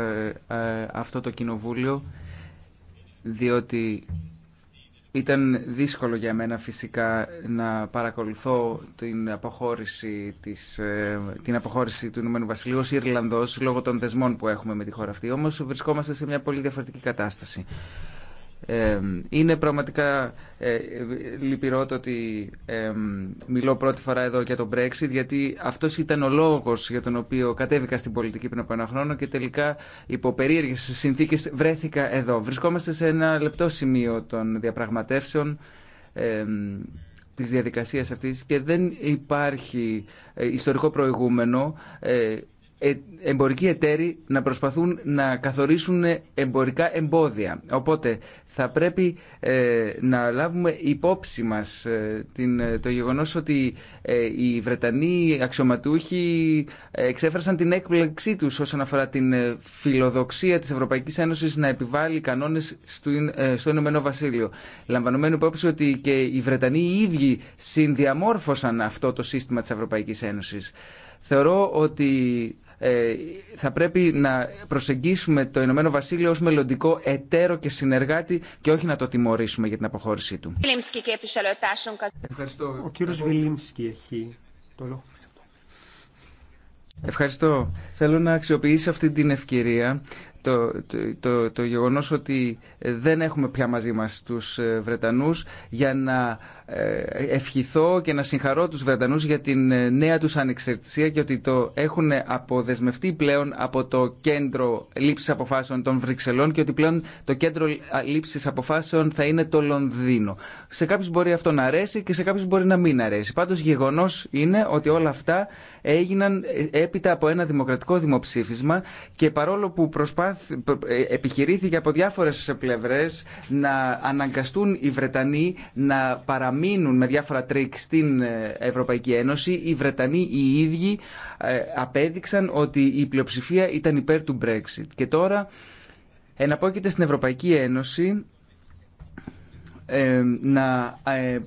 Ε, ε, αυτό το κοινοβούλιο διότι ήταν δύσκολο για μένα φυσικά να παρακολουθώ την αποχώρηση, της, ε, την αποχώρηση του Ηνωμένου Βασιλείου ως Ιρλανδός λόγω των δεσμών που έχουμε με τη χώρα αυτή. Όμως βρισκόμαστε σε μια πολύ διαφορετική κατάσταση είναι πραγματικά ε, λυπηρό το ότι μιλώ πρώτη φορά εδώ για το Brexit γιατί αυτός ήταν ο λόγος για τον οποίο κατέβηκα στην πολιτική πριν από ένα χρόνο και τελικά υπό περίεργες συνθήκες βρέθηκα εδώ. Βρισκόμαστε σε ένα λεπτό σημείο των διαπραγματεύσεων ε, της διαδικασίας αυτής και δεν υπάρχει ε, ιστορικό προηγούμενο ε, ε, εμπορικοί εταίροι να προσπαθούν να καθορίσουν εμπορικά εμπόδια. Οπότε θα πρέπει ε, να λάβουμε υπόψη μας ε, την, το γεγονός ότι οι Βρετανοί αξιωματούχοι εξέφρασαν την έκπληξή τους όσον αφορά την φιλοδοξία της Ευρωπαϊκής Ένωσης να επιβάλλει κανόνες στο, στο Ηνωμένο Βασίλειο. Λαμβανωμένου υπόψη ότι και οι Βρετανοί οι ίδιοι συνδιαμόρφωσαν αυτό το σύστημα της Ευρωπαϊκής Ένωσης. Θεωρώ ότι ε, θα πρέπει να προσεγγίσουμε το Ηνωμένο Βασίλειο ως μελλοντικό εταίρο και συνεργάτη και όχι να το τιμωρήσουμε για την αποχώρησή του. Ευχαριστώ. Ο κύριος Βιλίμσκι έχει το λόγο. Ευχαριστώ. Θέλω να αξιοποιήσω αυτή την ευκαιρία το, το, το, το γεγονός ότι δεν έχουμε πια μαζί μας τους ε, Βρετανούς για να ε, ευχηθώ και να συγχαρώ τους Βρετανούς για την ε, νέα τους ανεξαρτησία και ότι το έχουν αποδεσμευτεί πλέον από το κέντρο λήψης αποφάσεων των Βρυξελών και ότι πλέον το κέντρο λήψης αποφάσεων θα είναι το Λονδίνο. Σε κάποιους μπορεί αυτό να αρέσει και σε κάποιους μπορεί να μην αρέσει. Πάντως γεγονός είναι ότι όλα αυτά έγιναν ε, έπειτα από ένα δημοκρατικό δημοψήφισμα και παρόλο που προσπάθη, επιχειρήθηκε από διάφορες πλευρές να αναγκαστούν οι Βρετανοί να παραμείνουν παραμείνουν με διάφορα τρίκ στην ε, Ευρωπαϊκή Ένωση, οι Βρετανοί οι ίδιοι ε, απέδειξαν ότι η πλειοψηφία ήταν υπέρ του Brexit. Και τώρα εναπόκειται στην Ευρωπαϊκή Ένωση ε, να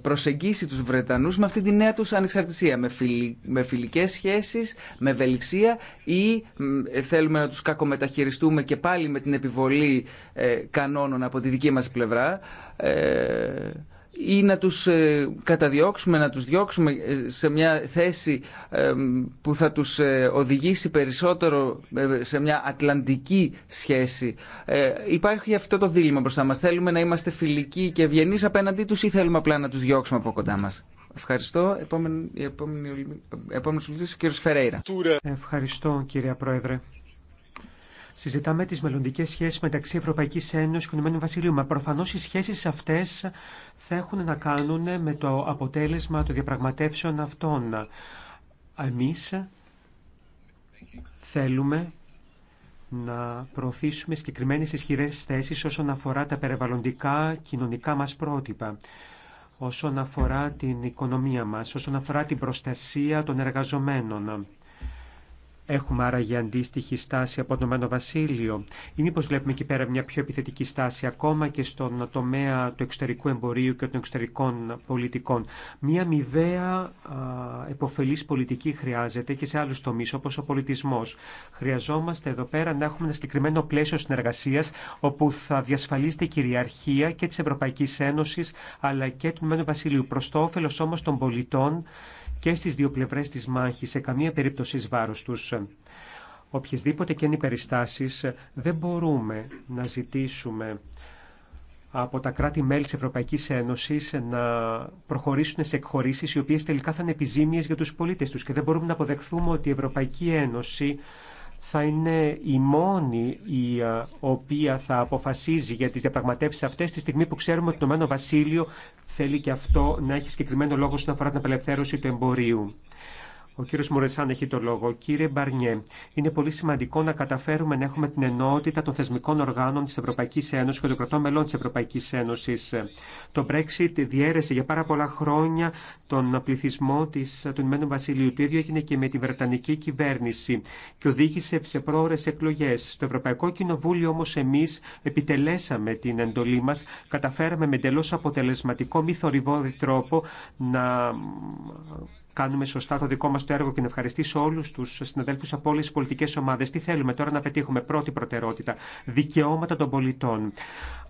προσεγγίσει τους Βρετανούς με αυτή τη νέα τους ανεξαρτησία, με φιλικές σχέσεις, με ευελιξία ή θέλουμε να τους κακομεταχειριστούμε και πάλι με την επιβολή κανόνων από τη δική μας πλευρά ή να τους ε, καταδιώξουμε, να τους διώξουμε ε, σε μια θέση ε, που θα τους οδηγήσει περισσότερο σε μια ατλαντική σχέση. Υπάρχει αυτό το δίλημα μπροστά μας. Θέλουμε να είμαστε φιλικοί και ευγενεί απέναντί τους ή θέλουμε απλά να τους διώξουμε από κοντά μας. Ευχαριστώ. Επόμενη, επόμενη, επόμενη ο κύριος Φερέιρα. Ευχαριστώ κύριε Πρόεδρε. Συζητάμε τι μελλοντικέ σχέσει μεταξύ Ευρωπαϊκή Ένωση και Ηνωμένου Βασιλείου. Μα προφανώ οι σχέσει αυτέ θα έχουν να κάνουν με το αποτέλεσμα των διαπραγματεύσεων αυτών. Εμεί θέλουμε να προωθήσουμε συγκεκριμένε ισχυρέ θέσει όσον αφορά τα περιβαλλοντικά κοινωνικά μα πρότυπα όσον αφορά την οικονομία μας, όσον αφορά την προστασία των εργαζομένων. Έχουμε άραγε αντίστοιχη στάση από το Μένο Βασίλειο ή μήπω βλέπουμε εκεί πέρα μια πιο επιθετική στάση ακόμα και στον τομέα του εξωτερικού εμπορίου και των εξωτερικών πολιτικών. Μια μηδέα εποφελής πολιτική χρειάζεται και σε άλλους τομείς όπως ο πολιτισμός. Χρειαζόμαστε εδώ πέρα να έχουμε ένα συγκεκριμένο πλαίσιο συνεργασίας όπου θα διασφαλίζεται η κυριαρχία και της Ευρωπαϊκής Ένωσης αλλά και του Μένο Βασιλείου προ το όφελο όμως των πολιτών και στις δύο πλευρές της μάχης, σε καμία περίπτωση εις βάρος τους. Οποιεσδήποτε και είναι οι περιστάσεις, δεν μπορούμε να ζητήσουμε από τα κράτη-μέλη της Ευρωπαϊκής Ένωσης να προχωρήσουν σε εκχωρήσεις οι οποίες τελικά θα είναι επιζήμιες για τους πολίτες τους και δεν μπορούμε να αποδεχθούμε ότι η Ευρωπαϊκή Ένωση θα είναι η μόνη η οποία θα αποφασίζει για τις διαπραγματεύσεις αυτές τη στιγμή που ξέρουμε ότι το Μένο Βασίλειο θέλει και αυτό να έχει συγκεκριμένο λόγο όσον αφορά την απελευθέρωση του εμπορίου. Ο κύριος Μουρεσάν έχει το λόγο. Κύριε Μπαρνιέ, είναι πολύ σημαντικό να καταφέρουμε να έχουμε την ενότητα των θεσμικών οργάνων της Ευρωπαϊκής Ένωσης και των κρατών μελών της Ευρωπαϊκής Ένωσης. Το Brexit διέρεσε για πάρα πολλά χρόνια τον πληθυσμό της, του Ηνωμένου Βασιλείου. Το ίδιο έγινε και με τη Βρετανική κυβέρνηση και οδήγησε σε πρόορες εκλογές. Στο Ευρωπαϊκό Κοινοβούλιο όμως εμείς επιτελέσαμε την εντολή μας, καταφέραμε με εντελώ αποτελεσματικό μη τρόπο να κάνουμε σωστά το δικό μα το έργο και να ευχαριστήσω όλου του συναδέλφου από όλε τι πολιτικέ ομάδε. Τι θέλουμε τώρα να πετύχουμε. Πρώτη προτεραιότητα. Δικαιώματα των πολιτών.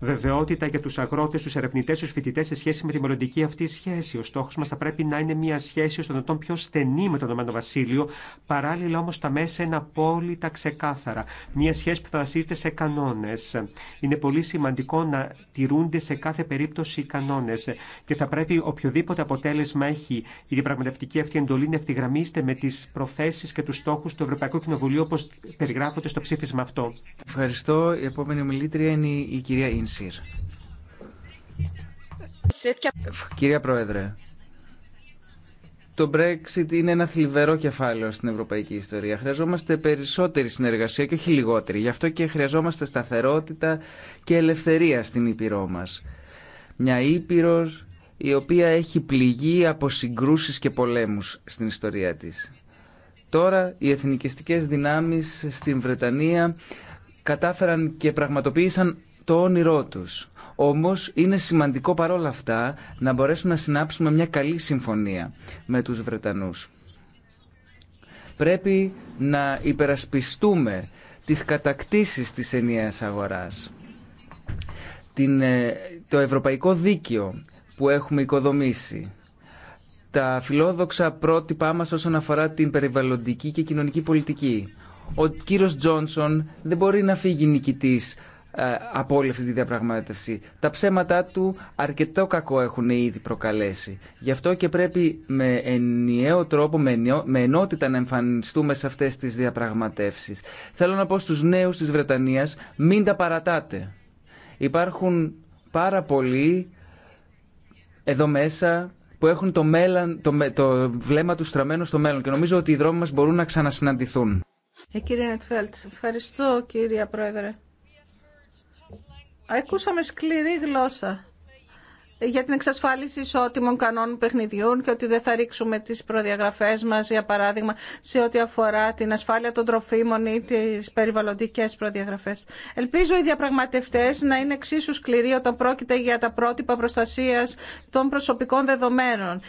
Βεβαιότητα για του αγρότε, του ερευνητέ, του φοιτητέ σε σχέση με τη μελλοντική αυτή σχέση. Ο στόχο μα θα πρέπει να είναι μια σχέση ω τον πιο στενή με τον Ηνωμένο Βασίλειο. Παράλληλα όμω τα μέσα είναι απόλυτα ξεκάθαρα. Μια σχέση που θα βασίζεται σε κανόνε. Είναι πολύ σημαντικό να τηρούνται σε κάθε περίπτωση οι κανόνε. Και θα πρέπει οποιοδήποτε αποτέλεσμα έχει η διαπραγματευτική και αυτή εντολή να ευθυγραμμίστε με τις προθέσεις και τους στόχους του Ευρωπαϊκού Κοινοβουλίου όπω περιγράφονται στο ψήφισμα αυτό. Ευχαριστώ. Η επόμενη μιλήτρια είναι η κυρία Ίνσιρ. Κυρία Πρόεδρε, το Brexit είναι ένα θλιβερό κεφάλαιο στην ευρωπαϊκή ιστορία. Χρειαζόμαστε περισσότερη συνεργασία και όχι λιγότερη. Γι' αυτό και χρειαζόμαστε σταθερότητα και ελευθερία στην Ήπειρό μας. Μια Ήπειρος η οποία έχει πληγεί από συγκρούσεις και πολέμους στην ιστορία της. Τώρα οι εθνικιστικές δυνάμεις στην Βρετανία κατάφεραν και πραγματοποίησαν το όνειρό τους. Όμως είναι σημαντικό παρόλα αυτά να μπορέσουμε να συνάψουμε μια καλή συμφωνία με τους Βρετανούς. Πρέπει να υπερασπιστούμε τις κατακτήσεις της ενιαίας αγοράς, την, ε, το ευρωπαϊκό δίκαιο που έχουμε οικοδομήσει, τα φιλόδοξα πρότυπά μας όσον αφορά την περιβαλλοντική και κοινωνική πολιτική. Ο κύριος Τζόνσον δεν μπορεί να φύγει νικητής ε, από όλη αυτή τη διαπραγμάτευση. Τα ψέματά του αρκετό κακό έχουν ήδη προκαλέσει. Γι' αυτό και πρέπει με ενιαίο τρόπο, με ενότητα να εμφανιστούμε σε αυτές τις διαπραγματεύσεις. Θέλω να πω στους νέους της Βρετανίας, μην τα παρατάτε. Υπάρχουν πάρα πολλοί εδώ μέσα που έχουν το, μέλλον, το, το βλέμμα του στραμμένο στο μέλλον και νομίζω ότι οι δρόμοι μας μπορούν να ξανασυναντηθούν. Ε, κύριε Νετφέλτ, ευχαριστώ κύριε Πρόεδρε. Ακούσαμε σκληρή γλώσσα για την εξασφάλιση ισότιμων κανόνων παιχνιδιών και ότι δεν θα ρίξουμε τις προδιαγραφές μας, για παράδειγμα, σε ό,τι αφορά την ασφάλεια των τροφίμων ή τις περιβαλλοντικές προδιαγραφές. Ελπίζω οι διαπραγματευτές να είναι εξίσου σκληροί όταν πρόκειται για τα πρότυπα προστασίας των προσωπικών δεδομένων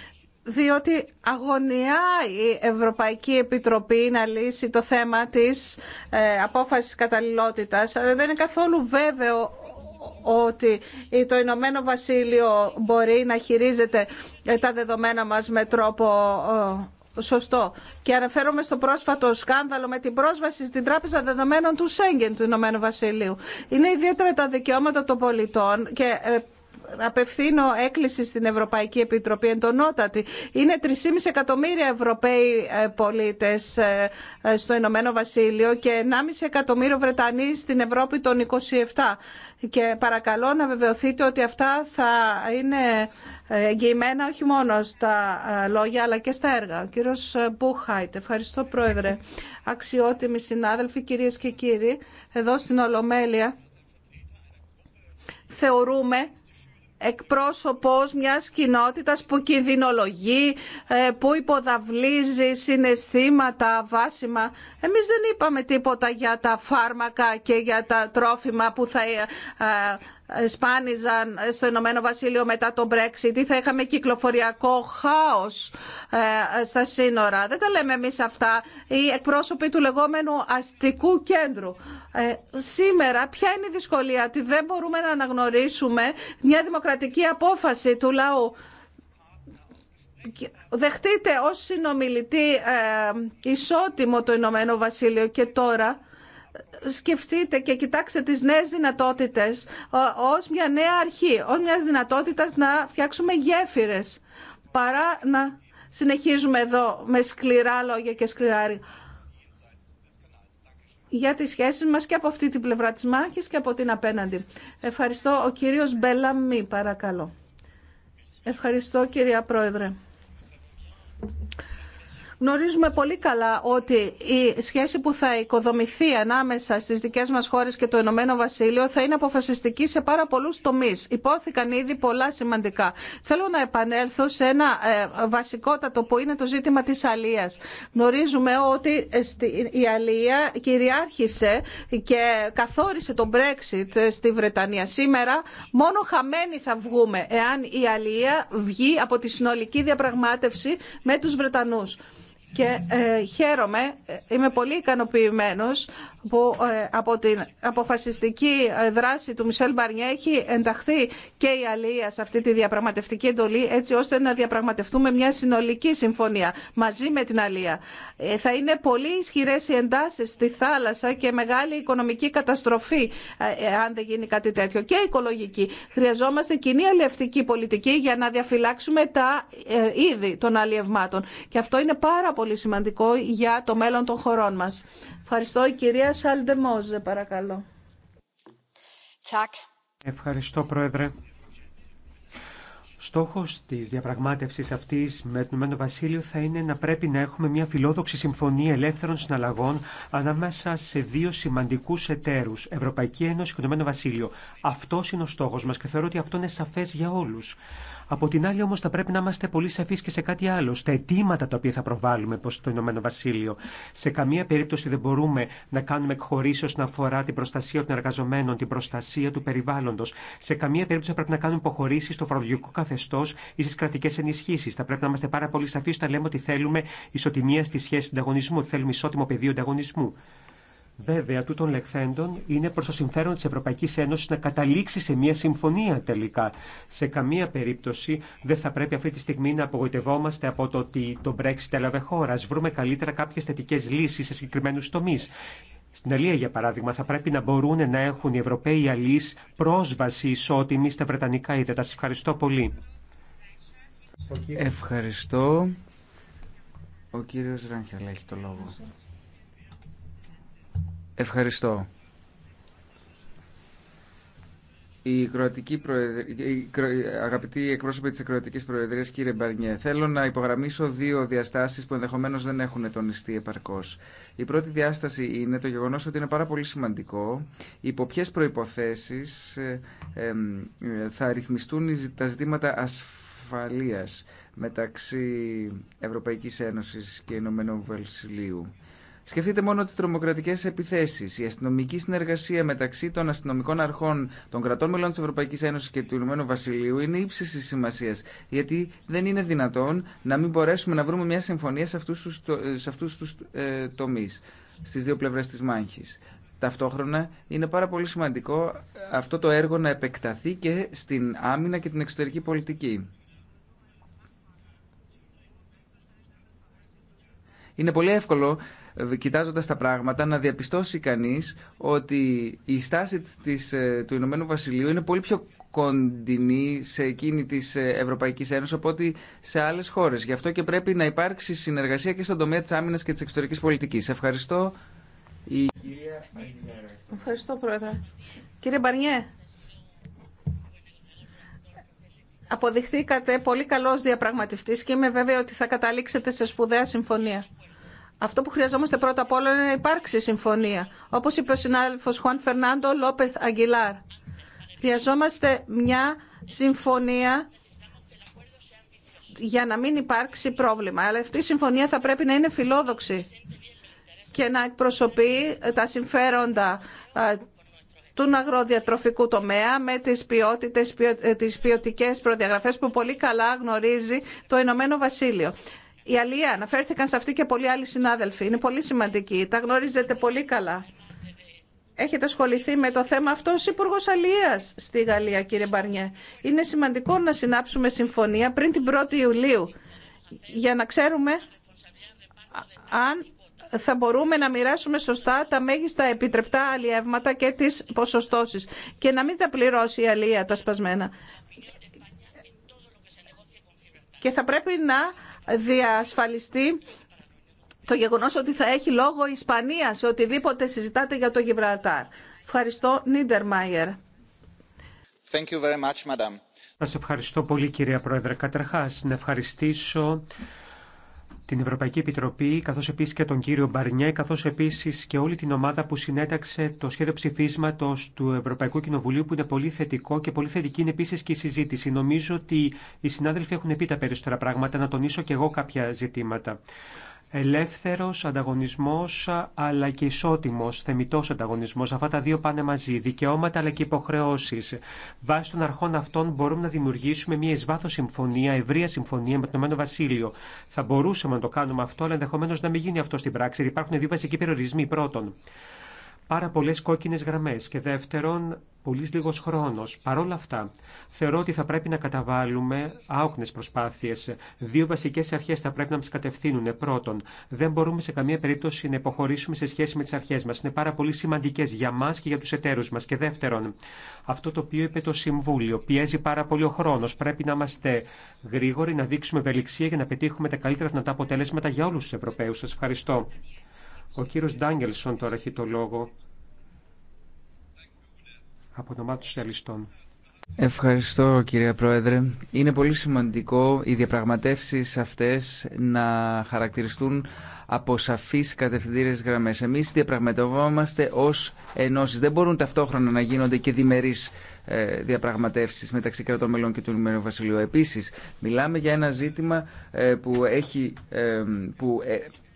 διότι αγωνιά η Ευρωπαϊκή Επιτροπή να λύσει το θέμα της ε, απόφασης καταλληλότητας, αλλά δεν είναι καθόλου βέβαιο ότι το Ηνωμένο Βασίλειο μπορεί να χειρίζεται ε, τα δεδομένα μας με τρόπο ε, σωστό. Και αναφέρομαι στο πρόσφατο σκάνδαλο με την πρόσβαση στην Τράπεζα Δεδομένων του Σέγγεν του Ηνωμένου Βασιλείου. Είναι ιδιαίτερα τα δικαιώματα των πολιτών και ε, απευθύνω έκκληση στην Ευρωπαϊκή Επιτροπή εντονότατη. Είναι 3,5 εκατομμύρια Ευρωπαίοι ε, πολίτες ε, ε, στο Ηνωμένο Βασίλειο και 1,5 εκατομμύριο Βρετανοί στην Ευρώπη των 27. Και παρακαλώ να βεβαιωθείτε ότι αυτά θα είναι εγγυημένα όχι μόνο στα λόγια αλλά και στα έργα. Ο κύριος Μπούχαϊτ, ευχαριστώ Πρόεδρε. Αξιότιμοι συνάδελφοι, κυρίε και κύριοι, εδώ στην Ολομέλεια θεωρούμε εκπρόσωπος μιας κοινότητας που κινδυνολογεί, ε, που υποδαβλίζει συναισθήματα βάσιμα. Εμείς δεν είπαμε τίποτα για τα φάρμακα και για τα τρόφιμα που θα ε, ε, σπάνιζαν στο Ηνωμένο Βασίλειο μετά τον Brexit ή θα είχαμε κυκλοφοριακό χάος ε, στα σύνορα. Δεν τα λέμε εμείς αυτά. Οι εκπρόσωποι του λεγόμενου αστικού κέντρου. Ε, σήμερα ποια είναι η δυσκολία ότι δεν μπορούμε να αναγνωρίσουμε μια δημοκρατική απόφαση του λαού. Δεχτείτε ως συνομιλητή ε, ισότιμο το Ηνωμένο Βασίλειο και τώρα σκεφτείτε και κοιτάξτε τις νέες δυνατότητες ως μια νέα αρχή, ως μιας δυνατότητας να φτιάξουμε γέφυρες παρά να συνεχίζουμε εδώ με σκληρά λόγια και σκληρά για τις σχέσεις μας και από αυτή την πλευρά της μάχης και από την απέναντι. Ευχαριστώ. Ο κύριος Μπέλαμι, παρακαλώ. Ευχαριστώ, κυρία Πρόεδρε. Γνωρίζουμε πολύ καλά ότι η σχέση που θα οικοδομηθεί ανάμεσα στις δικές μας χώρες και το Ηνωμένο Βασίλειο θα είναι αποφασιστική σε πάρα πολλούς τομείς. Υπόθηκαν ήδη πολλά σημαντικά. Θέλω να επανέλθω σε ένα ε, βασικότατο που είναι το ζήτημα της αλίας. Γνωρίζουμε ότι ε, η αλία κυριάρχησε και καθόρισε τον Brexit ε, στη Βρετανία. Σήμερα μόνο χαμένοι θα βγούμε εάν η αλία βγει από τη συνολική διαπραγμάτευση με τους Βρετανούς. Και ε, χαίρομαι, ε, είμαι πολύ ικανοποιημένος που ε, από την αποφασιστική δράση του Μισελ Μπαρνιέ έχει ενταχθεί και η Αλία σε αυτή τη διαπραγματευτική εντολή έτσι ώστε να διαπραγματευτούμε μια συνολική συμφωνία μαζί με την Αλία. Θα είναι πολύ ισχυρέ οι εντάσεις στη θάλασσα και μεγάλη οικονομική καταστροφή αν δεν γίνει κάτι τέτοιο και οικολογική. Χρειαζόμαστε κοινή αλλιευτική πολιτική για να διαφυλάξουμε τα είδη των αλλιευμάτων. Και αυτό είναι πάρα πολύ πολύ σημαντικό για το μέλλον των χωρών μας. Ευχαριστώ. Η κυρία Σαλντεμόζε, παρακαλώ. Ευχαριστώ, Πρόεδρε. Στόχος της διαπραγμάτευσης αυτής με το Ηνωμένο Βασίλειο θα είναι να πρέπει να έχουμε μια φιλόδοξη συμφωνία ελεύθερων συναλλαγών ανάμεσα σε δύο σημαντικούς εταίρους, Ευρωπαϊκή Ένωση και το Ηνωμένο Βασίλειο. Αυτός είναι ο στόχος μας και θεωρώ ότι αυτό είναι σαφές για όλους. Από την άλλη όμω θα πρέπει να είμαστε πολύ σαφεί και σε κάτι άλλο, στα αιτήματα τα οποία θα προβάλλουμε προ το Ηνωμένο Βασίλειο. Σε καμία περίπτωση δεν μπορούμε να κάνουμε εκχωρήσει όσον αφορά την προστασία των εργαζομένων, την προστασία του περιβάλλοντο. Σε καμία περίπτωση θα πρέπει να κάνουμε υποχωρήσει στο φορολογικό καθεστώς ή στι κρατικέ ενισχύσει. Θα πρέπει να είμαστε πάρα πολύ σαφεί όταν λέμε ότι θέλουμε ισοτιμία στη σχέση ανταγωνισμού, ότι θέλουμε ισότιμο πεδίο ανταγωνισμού. Βέβαια, τούτων λεχθέντων είναι προ το συμφέρον τη Ευρωπαϊκή Ένωση να καταλήξει σε μια συμφωνία τελικά. Σε καμία περίπτωση δεν θα πρέπει αυτή τη στιγμή να απογοητευόμαστε από το ότι το Brexit έλαβε χώρα. Α βρούμε καλύτερα κάποιε θετικέ λύσει σε συγκεκριμένου τομεί. Στην Αλία, για παράδειγμα, θα πρέπει να μπορούν να έχουν οι Ευρωπαίοι αλλοί πρόσβαση ισότιμη στα Βρετανικά είδατα. Σα ευχαριστώ πολύ. Ευχαριστώ. Ο κύριος Ράνχελ έχει το λόγο. Ευχαριστώ. Η Κροατική Προεδρία, αγαπητοί εκπρόσωποι της Κροατικής Προεδρίας, κύριε Μπαρνιέ, θέλω να υπογραμμίσω δύο διαστάσεις που ενδεχομένως δεν έχουν τονιστεί επαρκώς. Η πρώτη διάσταση είναι το γεγονός ότι είναι πάρα πολύ σημαντικό υπό ποιε προϋποθέσεις ε, θα ρυθμιστούν τα ζητήματα ασφαλείας μεταξύ Ευρωπαϊκής Ένωσης και Ηνωμένου Βελσιλίου. Σκεφτείτε μόνο τι τρομοκρατικέ επιθέσει. Η αστυνομική συνεργασία μεταξύ των αστυνομικών αρχών των κρατών μελών τη Ευρωπαϊκή Ένωση και του Ηνωμένου Βασιλείου είναι ύψη τη σημασία. Γιατί δεν είναι δυνατόν να μην μπορέσουμε να βρούμε μια συμφωνία σε αυτού του ε, τομεί, στι δύο πλευρέ τη μάχη. Ταυτόχρονα είναι πάρα πολύ σημαντικό αυτό το έργο να επεκταθεί και στην άμυνα και την εξωτερική πολιτική. Είναι πολύ εύκολο Κοιτάζοντα τα πράγματα, να διαπιστώσει κανεί ότι η στάση της, ε, του Ηνωμένου Βασιλείου είναι πολύ πιο κοντινή σε εκείνη τη ε, Ευρωπαϊκή Ένωση από ότι σε άλλε χώρε. Γι' αυτό και πρέπει να υπάρξει συνεργασία και στον τομέα τη άμυνα και τη εξωτερική πολιτική. Ευχαριστώ. Η... Ευχαριστώ, Πρόεδρε. Κύριε Μπαρνιέ, αποδειχθήκατε πολύ καλός διαπραγματευτής και είμαι βέβαια ότι θα καταλήξετε σε σπουδαία συμφωνία. Αυτό που χρειαζόμαστε πρώτα απ' όλα είναι να υπάρξει συμφωνία. Όπως είπε ο συνάδελφο Χουάν Φερνάντο Λόπεθ Αγγιλάρ. Χρειαζόμαστε μια συμφωνία για να μην υπάρξει πρόβλημα. Αλλά αυτή η συμφωνία θα πρέπει να είναι φιλόδοξη και να εκπροσωπεί τα συμφέροντα του αγροδιατροφικού τομέα με τις, ποιότητες, ε, τις ποιοτικές προδιαγραφές που πολύ καλά γνωρίζει το Ηνωμένο Βασίλειο. Η Αλία, αναφέρθηκαν σε αυτή και πολλοί άλλοι συνάδελφοι. Είναι πολύ σημαντική. Τα γνωρίζετε πολύ καλά. Έχετε ασχοληθεί με το θέμα αυτό ως Υπουργό Αλία στη Γαλλία, κύριε Μπαρνιέ. Είναι σημαντικό να συνάψουμε συμφωνία πριν την 1η Ιουλίου για να ξέρουμε αν θα μπορούμε να μοιράσουμε σωστά τα μέγιστα επιτρεπτά αλλιεύματα και τις ποσοστώσεις και να μην τα πληρώσει η Αλία τα σπασμένα. Και θα πρέπει να διασφαλιστεί το γεγονός ότι θα έχει λόγο η Ισπανία σε οτιδήποτε συζητάτε για το Γιβραλτάρ. Ευχαριστώ, Νίντερ Μάιερ. Σας ευχαριστώ πολύ κυρία Πρόεδρε. Καταρχάς, να ευχαριστήσω την Ευρωπαϊκή Επιτροπή, καθώ επίση και τον κύριο Μπαρνιέ, καθώ επίση και όλη την ομάδα που συνέταξε το σχέδιο ψηφίσματο του Ευρωπαϊκού Κοινοβουλίου, που είναι πολύ θετικό και πολύ θετική είναι επίση και η συζήτηση. Νομίζω ότι οι συνάδελφοι έχουν πει τα περισσότερα πράγματα, να τονίσω και εγώ κάποια ζητήματα ελεύθερος ανταγωνισμός αλλά και ισότιμος θεμητός ανταγωνισμός. Αυτά τα δύο πάνε μαζί, δικαιώματα αλλά και υποχρεώσεις. Βάσει των αρχών αυτών μπορούμε να δημιουργήσουμε μια εισβάθος συμφωνία, ευρεία συμφωνία με το Μένο Βασίλειο. Θα μπορούσαμε να το κάνουμε αυτό, αλλά ενδεχομένως να μην γίνει αυτό στην πράξη. Υπάρχουν δύο βασικοί περιορισμοί. Πρώτον, πάρα πολλές κόκκινες γραμμές και δεύτερον, πολύ λίγο χρόνο. Παρ' όλα αυτά, θεωρώ ότι θα πρέπει να καταβάλουμε άοκνε προσπάθειε. Δύο βασικέ αρχέ θα πρέπει να μα κατευθύνουν. Πρώτον, δεν μπορούμε σε καμία περίπτωση να υποχωρήσουμε σε σχέση με τι αρχέ μα. Είναι πάρα πολύ σημαντικέ για μα και για του εταίρου μα. Και δεύτερον, αυτό το οποίο είπε το Συμβούλιο. Πιέζει πάρα πολύ ο χρόνο. Πρέπει να είμαστε γρήγοροι, να δείξουμε ευελιξία για να πετύχουμε τα καλύτερα δυνατά αποτελέσματα για όλου του Ευρωπαίου. Σα ευχαριστώ. Ο κύριος Ντάγκελσον τώρα έχει το λόγο από το μάτι Ευχαριστώ κύριε Πρόεδρε. Είναι πολύ σημαντικό οι διαπραγματεύσεις αυτές να χαρακτηριστούν από σαφείς κατευθυντήρες γραμμές. Εμείς διαπραγματευόμαστε ως ενώσεις. Δεν μπορούν ταυτόχρονα να γίνονται και διμερείς ε, διαπραγματεύσεις μεταξύ κρατών μελών και του Ηνωμένου Βασιλείου. Επίσης, μιλάμε για ένα ζήτημα ε, που, έχει, ε, που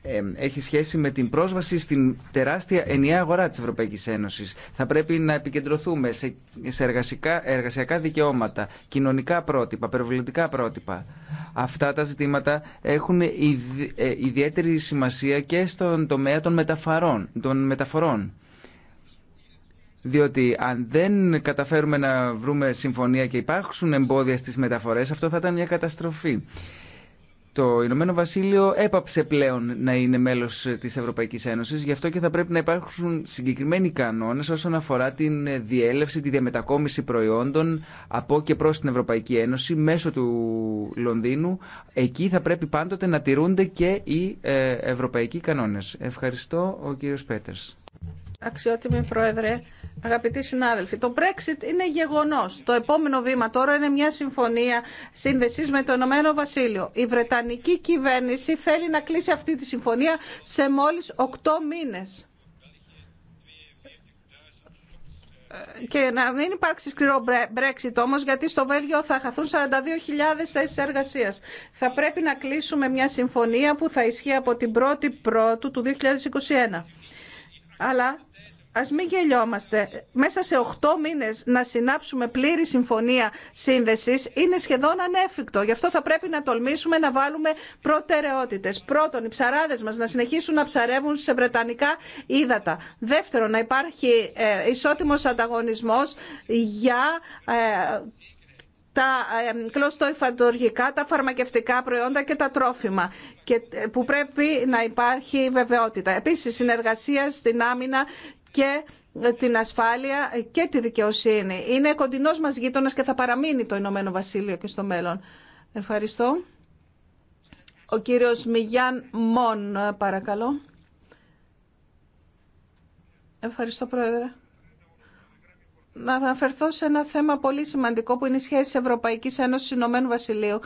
ε, έχει σχέση με την πρόσβαση στην τεράστια ενιαία αγορά της Ευρωπαϊκής Ένωσης. Θα πρέπει να επικεντρωθούμε σε, εργασιακά, δικαιώματα, κοινωνικά πρότυπα, περιβαλλοντικά πρότυπα. Αυτά τα ζητήματα έχουν ε, ιδιαίτερη σημασία και στον τομέα των, μεταφορών, των μεταφορών. Διότι αν δεν καταφέρουμε να βρούμε συμφωνία και υπάρξουν εμπόδια στις μεταφορές, αυτό θα ήταν μια καταστροφή το Ηνωμένο Βασίλειο έπαψε πλέον να είναι μέλος της Ευρωπαϊκής Ένωσης, γι' αυτό και θα πρέπει να υπάρχουν συγκεκριμένοι κανόνες όσον αφορά την διέλευση, τη διαμετακόμιση προϊόντων από και προς την Ευρωπαϊκή Ένωση μέσω του Λονδίνου. Εκεί θα πρέπει πάντοτε να τηρούνται και οι ε, ευρωπαϊκοί κανόνες. Ευχαριστώ ο κύριο Πέτερ. Αξιότιμη Πρόεδρε, Αγαπητοί συνάδελφοι, το Brexit είναι γεγονό. Το επόμενο βήμα τώρα είναι μια συμφωνία σύνδεση με το Ηνωμένο Βασίλειο. Η Βρετανική κυβέρνηση θέλει να κλείσει αυτή τη συμφωνία σε μόλι οκτώ μήνε. Και να μην υπάρξει σκληρό Brexit όμω, γιατί στο Βέλγιο θα χαθούν 42.000 θέσει εργασία. Θα πρέπει να κλείσουμε μια συμφωνία που θα ισχύει από την 1η Πρώτου του 2021. Αλλά Ας μην γελιόμαστε. Μέσα σε 8 μήνες να συνάψουμε πλήρη συμφωνία σύνδεση είναι σχεδόν ανέφικτο. Γι' αυτό θα πρέπει να τολμήσουμε να βάλουμε προτεραιότητε. Πρώτον, οι ψαράδες μας να συνεχίσουν να ψαρεύουν σε βρετανικά ύδατα. Δεύτερον, να υπάρχει ε, ισότιμο ανταγωνισμός για ε, τα ε, κλωστοϊφαντοργικά, τα φαρμακευτικά προϊόντα και τα τρόφιμα και που πρέπει να υπάρχει βεβαιότητα. Επίσης, συνεργασία στην άμυνα και την ασφάλεια και τη δικαιοσύνη. Είναι κοντινός μας γείτονας και θα παραμείνει το Ηνωμένο Βασίλειο και στο μέλλον. Ευχαριστώ. Ο κύριος Μιγιάν Μον, παρακαλώ. Ευχαριστώ, Πρόεδρε. Να αναφερθώ σε ένα θέμα πολύ σημαντικό που είναι η σχέση Ευρωπαϊκής Ένωσης Ηνωμένου Βασιλείου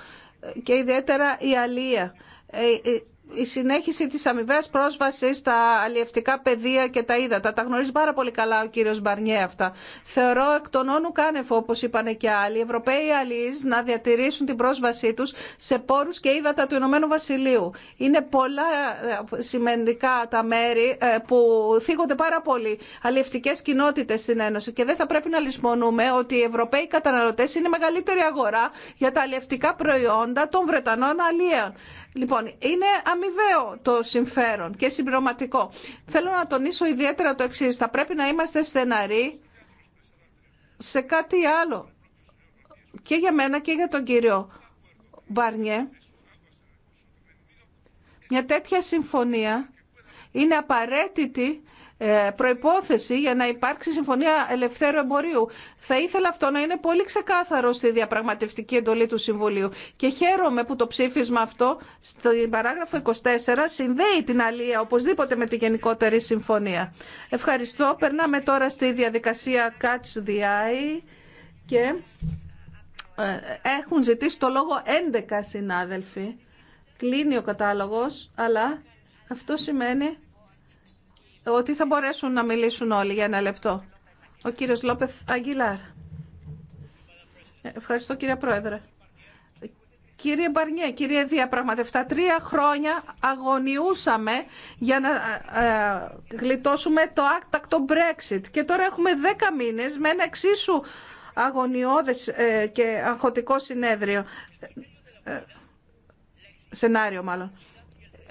και ιδιαίτερα η Αλία ε, ε, η συνέχιση της αμοιβαία πρόσβασης στα αλλιευτικά πεδία και τα ύδατα. Τα γνωρίζει πάρα πολύ καλά ο κύριος Μπαρνιέ αυτά. Θεωρώ εκ των όνου κάνεφο, όπως είπαν και άλλοι, οι Ευρωπαίοι αλληλείς να διατηρήσουν την πρόσβασή τους σε πόρους και ύδατα του Ηνωμένου Βασιλείου. Είναι πολλά ε, σημαντικά τα μέρη ε, που θίγονται πάρα πολύ αλλιευτικές κοινότητες στην Ένωση και δεν θα πρέπει να λησμονούμε ότι οι Ευρωπαίοι καταναλωτές είναι μεγαλύτερη αγορά για τα αλλιευτικά προϊόντα των Βρετανών αλλιέων. Λοιπόν, είναι αμοιβαίο το συμφέρον και συμπληρωματικό. Θέλω να τονίσω ιδιαίτερα το εξή. Θα πρέπει να είμαστε στεναροί σε κάτι άλλο. Και για μένα και για τον κύριο Μπαρνιέ. Μια τέτοια συμφωνία είναι απαραίτητη ε, προϋπόθεση για να υπάρξει συμφωνία ελευθέρου εμπορίου. Θα ήθελα αυτό να είναι πολύ ξεκάθαρο στη διαπραγματευτική εντολή του Συμβουλίου και χαίρομαι που το ψήφισμα αυτό στην παράγραφο 24 συνδέει την αλία οπωσδήποτε με τη γενικότερη συμφωνία. Ευχαριστώ. Περνάμε τώρα στη διαδικασία Catch the Eye και ε, έχουν ζητήσει το λόγο 11 συνάδελφοι. Κλείνει ο κατάλογος, αλλά αυτό σημαίνει ότι θα μπορέσουν να μιλήσουν όλοι για ένα λεπτό. Ο κύριος Λόπεθ Αγγιλάρ. Ευχαριστώ κύριε Πρόεδρε. Κύριε Μπαρνιέ, κύριε Διαπραγματευτά, τρία χρόνια αγωνιούσαμε για να ε, γλιτώσουμε το άκτακτο Brexit και τώρα έχουμε δέκα μήνες με ένα εξίσου αγωνιώδες ε, και αγχωτικό συνέδριο. Ε, σενάριο μάλλον.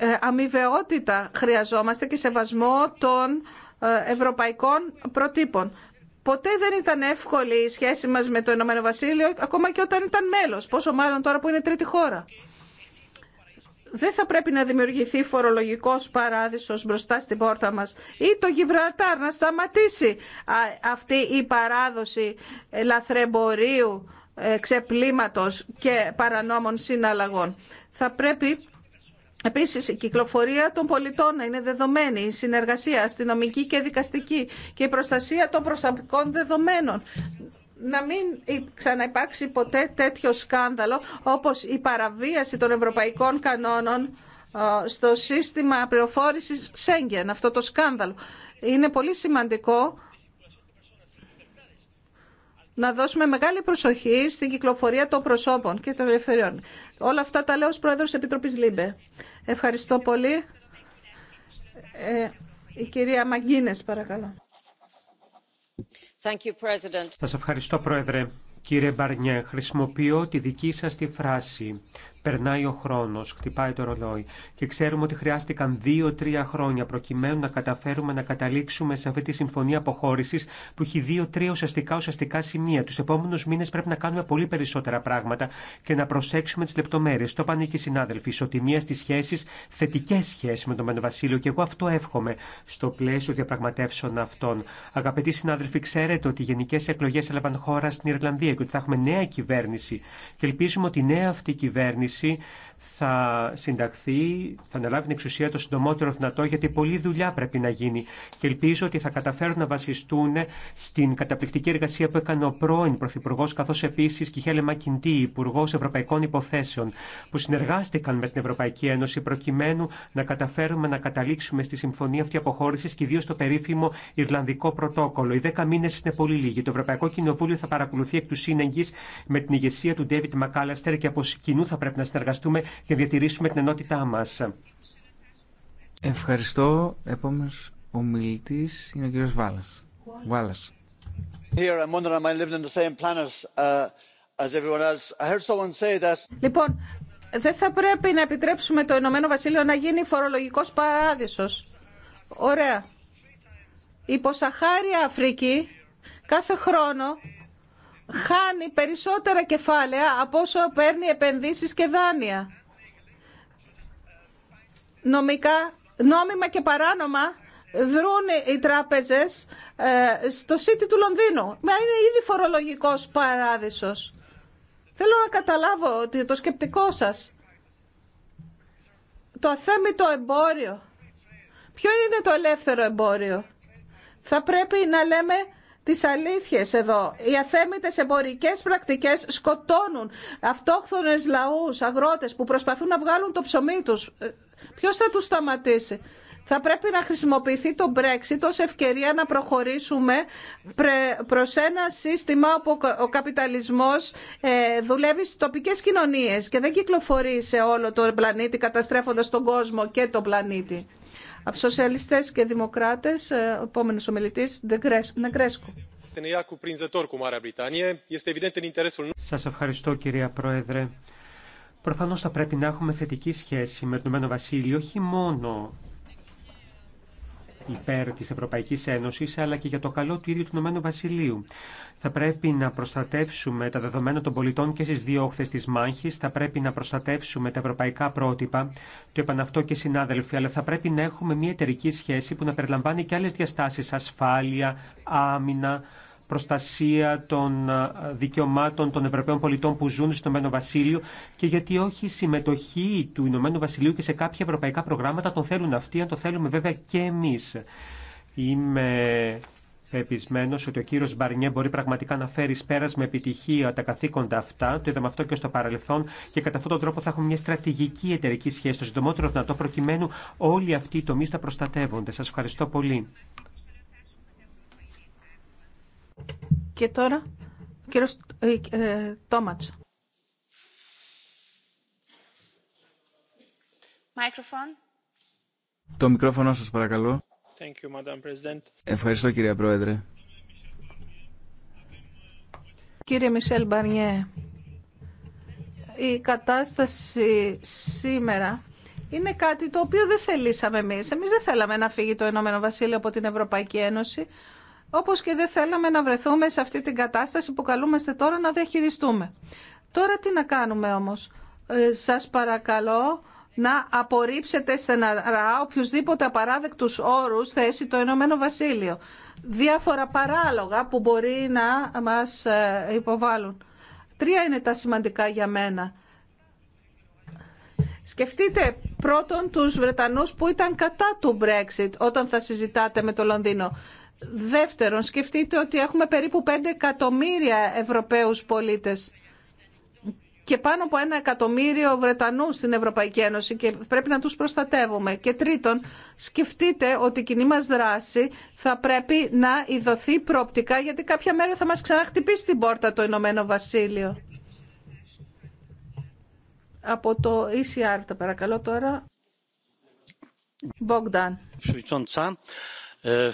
Ε, αμοιβαιότητα χρειαζόμαστε και σεβασμό των ε, ευρωπαϊκών προτύπων. Ποτέ δεν ήταν εύκολη η σχέση μας με το Ηνωμένο Βασίλειο, ακόμα και όταν ήταν μέλος, πόσο μάλλον τώρα που είναι τρίτη χώρα. Δεν θα πρέπει να δημιουργηθεί φορολογικός παράδεισος μπροστά στην πόρτα μας ή το Γιβραλτάρ να σταματήσει αυτή η παράδοση ε, λαθρεμπορίου, ξεπλήματος και παρανόμων συναλλαγών. Θα πρέπει Επίσης, η κυκλοφορία των πολιτών είναι δεδομένη, η συνεργασία αστυνομική και δικαστική και η προστασία των προσωπικών δεδομένων. Να μην ξαναυπάρξει ποτέ τέτοιο σκάνδαλο όπως η παραβίαση των ευρωπαϊκών κανόνων στο σύστημα πληροφόρηση Σέγγεν, αυτό το σκάνδαλο. Είναι πολύ σημαντικό να δώσουμε μεγάλη προσοχή στην κυκλοφορία των προσώπων και των ελευθεριών. Όλα αυτά τα λέω ως Πρόεδρος Επιτροπής ΛΥΜΠΕ. Ευχαριστώ πολύ. Ε, η κυρία Μαγκίνες, παρακαλώ. Thank Σας ευχαριστώ, Πρόεδρε. Κύριε Μπαρνιέ, χρησιμοποιώ τη δική σας τη φράση Περνάει ο χρόνο, χτυπάει το ρολόι και ξέρουμε ότι χρειάστηκαν δύο-τρία χρόνια προκειμένου να καταφέρουμε να καταλήξουμε σε αυτή τη συμφωνία αποχώρηση που έχει δύο-τρία ουσιαστικά ουσιαστικά σημεία. Του επόμενου μήνε πρέπει να κάνουμε πολύ περισσότερα πράγματα και να προσέξουμε τι λεπτομέρειε. Το είπαν και οι συνάδελφοι. Ισοτιμία στι σχέσει, θετικέ σχέσει με τον Μένο Βασίλειο και εγώ αυτό εύχομαι στο πλαίσιο διαπραγματεύσεων αυτών. Αγαπητοί συνάδελφοι, ξέρετε ότι οι γενικέ εκλογέ έλαβαν χώρα στην Ιρλανδία και ότι θα έχουμε νέα κυβέρνηση και ελπίζουμε ότι η νέα αυτή κυβέρνηση προσέγγιση θα συνταχθεί, θα αναλάβει την εξουσία το συντομότερο δυνατό, γιατί πολλή δουλειά πρέπει να γίνει. Και ελπίζω ότι θα καταφέρουν να βασιστούν στην καταπληκτική εργασία που έκανε ο πρώην Πρωθυπουργό, καθώ επίση και η Χέλε Μακιντή, Υπουργό Ευρωπαϊκών Υποθέσεων, που συνεργάστηκαν με την Ευρωπαϊκή Ένωση προκειμένου να καταφέρουμε να καταλήξουμε στη συμφωνία αυτή αποχώρηση και ιδίω στο περίφημο Ιρλανδικό Πρωτόκολλο. Οι δέκα μήνε είναι πολύ λίγοι. Το Ευρωπαϊκό Κοινοβούλιο θα παρακολουθεί εκ του σύνεγγυ με την ηγεσία του Ντέβιτ Μακάλαστερ και από κοινού θα πρέπει να συνεργαστούμε για να διατηρήσουμε την ενότητά μα. Ευχαριστώ. Επόμενο ομιλητής είναι ο κύριο Βάλλα. Βάλλα. Λοιπόν, δεν θα πρέπει να επιτρέψουμε το Ηνωμένο Βασίλειο να γίνει φορολογικός παράδεισος. Ωραία. Η Ποσαχάρια Αφρική κάθε χρόνο χάνει περισσότερα κεφάλαια από όσο παίρνει επενδύσεις και δάνεια νομικά, νόμιμα και παράνομα δρούν οι τράπεζες ε, στο σίτι του Λονδίνου. Μα είναι ήδη φορολογικός παράδεισος. Θέλω να καταλάβω το σκεπτικό σας. Το αθέμητο εμπόριο. Ποιο είναι το ελεύθερο εμπόριο. Θα πρέπει να λέμε τις αλήθειες εδώ. Οι αθέμητες εμπορικές πρακτικές σκοτώνουν αυτόχθονες λαούς, αγρότες που προσπαθούν να βγάλουν το ψωμί τους Ποιο θα του σταματήσει. Θα πρέπει να χρησιμοποιηθεί το Brexit ως ευκαιρία να προχωρήσουμε προς ένα σύστημα όπου ο καπιταλισμός ε, δουλεύει στις τοπικές κοινωνίες και δεν κυκλοφορεί σε όλο τον πλανήτη καταστρέφοντας τον κόσμο και τον πλανήτη. Από σοσιαλιστές και δημοκράτες, ε, ο επόμενος ομιλητής, Νεκρέσκο. Σας ευχαριστώ κυρία Πρόεδρε. Προφανώς θα πρέπει να έχουμε θετική σχέση με το Ηνωμένο Βασίλειο, όχι μόνο υπέρ της Ευρωπαϊκής Ένωσης, αλλά και για το καλό του ίδιου του Ηνωμένου Βασιλείου. Θα πρέπει να προστατεύσουμε τα δεδομένα των πολιτών και στις δύο όχθες της μάχης, θα πρέπει να προστατεύσουμε τα ευρωπαϊκά πρότυπα, το είπαν αυτό και συνάδελφοι, αλλά θα πρέπει να έχουμε μια εταιρική σχέση που να περιλαμβάνει και άλλες διαστάσεις, ασφάλεια, άμυνα, προστασία των ε, δικαιωμάτων των Ευρωπαίων πολιτών που ζουν στο Ηνωμένο Βασίλειο και γιατί όχι η συμμετοχή του Ηνωμένου Βασιλείου και σε κάποια ευρωπαϊκά προγράμματα τον θέλουν αυτοί, αν το θέλουμε βέβαια και εμείς. Είμαι πεπισμένο ότι ο κύριο Μπαρνιέ μπορεί πραγματικά να φέρει πέρα με επιτυχία τα καθήκοντα αυτά. Το είδαμε αυτό και στο παρελθόν και κατά αυτόν τον τρόπο θα έχουμε μια στρατηγική εταιρική σχέση, το συντομότερο δυνατό, προκειμένου όλοι αυτοί οι τομεί να προστατεύονται. Σα ευχαριστώ πολύ. Και τώρα, ο κύριος ε, ε, Τόματς. Microphone. Το μικρόφωνο σας παρακαλώ. Thank you, Madam President. Ευχαριστώ κύριε Πρόεδρε. Κύριε Μισελ Μπαρνιέ, η κατάσταση σήμερα είναι κάτι το οποίο δεν θελήσαμε εμείς. Εμείς δεν θέλαμε να φύγει το Ηνωμένο Βασίλειο από την Ευρωπαϊκή Ένωση, όπως και δεν θέλαμε να βρεθούμε σε αυτή την κατάσταση που καλούμαστε τώρα να διαχειριστούμε. Τώρα τι να κάνουμε όμως. Ε, σας παρακαλώ να απορρίψετε στεναρά οποιουσδήποτε απαράδεκτους όρους θέσει το Ηνωμένο Βασίλειο. Διάφορα παράλογα που μπορεί να μας ε, υποβάλουν. Τρία είναι τα σημαντικά για μένα. Σκεφτείτε πρώτον τους Βρετανούς που ήταν κατά του Brexit όταν θα συζητάτε με το Λονδίνο. Δεύτερον, σκεφτείτε ότι έχουμε περίπου 5 εκατομμύρια Ευρωπαίους πολίτες και πάνω από ένα εκατομμύριο Βρετανούς στην Ευρωπαϊκή Ένωση και πρέπει να τους προστατεύουμε. Και τρίτον, σκεφτείτε ότι η κοινή μας δράση θα πρέπει να ειδωθεί πρόπτικα γιατί κάποια μέρα θα μας ξαναχτυπήσει την πόρτα το Ηνωμένο Βασίλειο. Από το ECR, τα παρακαλώ τώρα. Bogdan. Ε,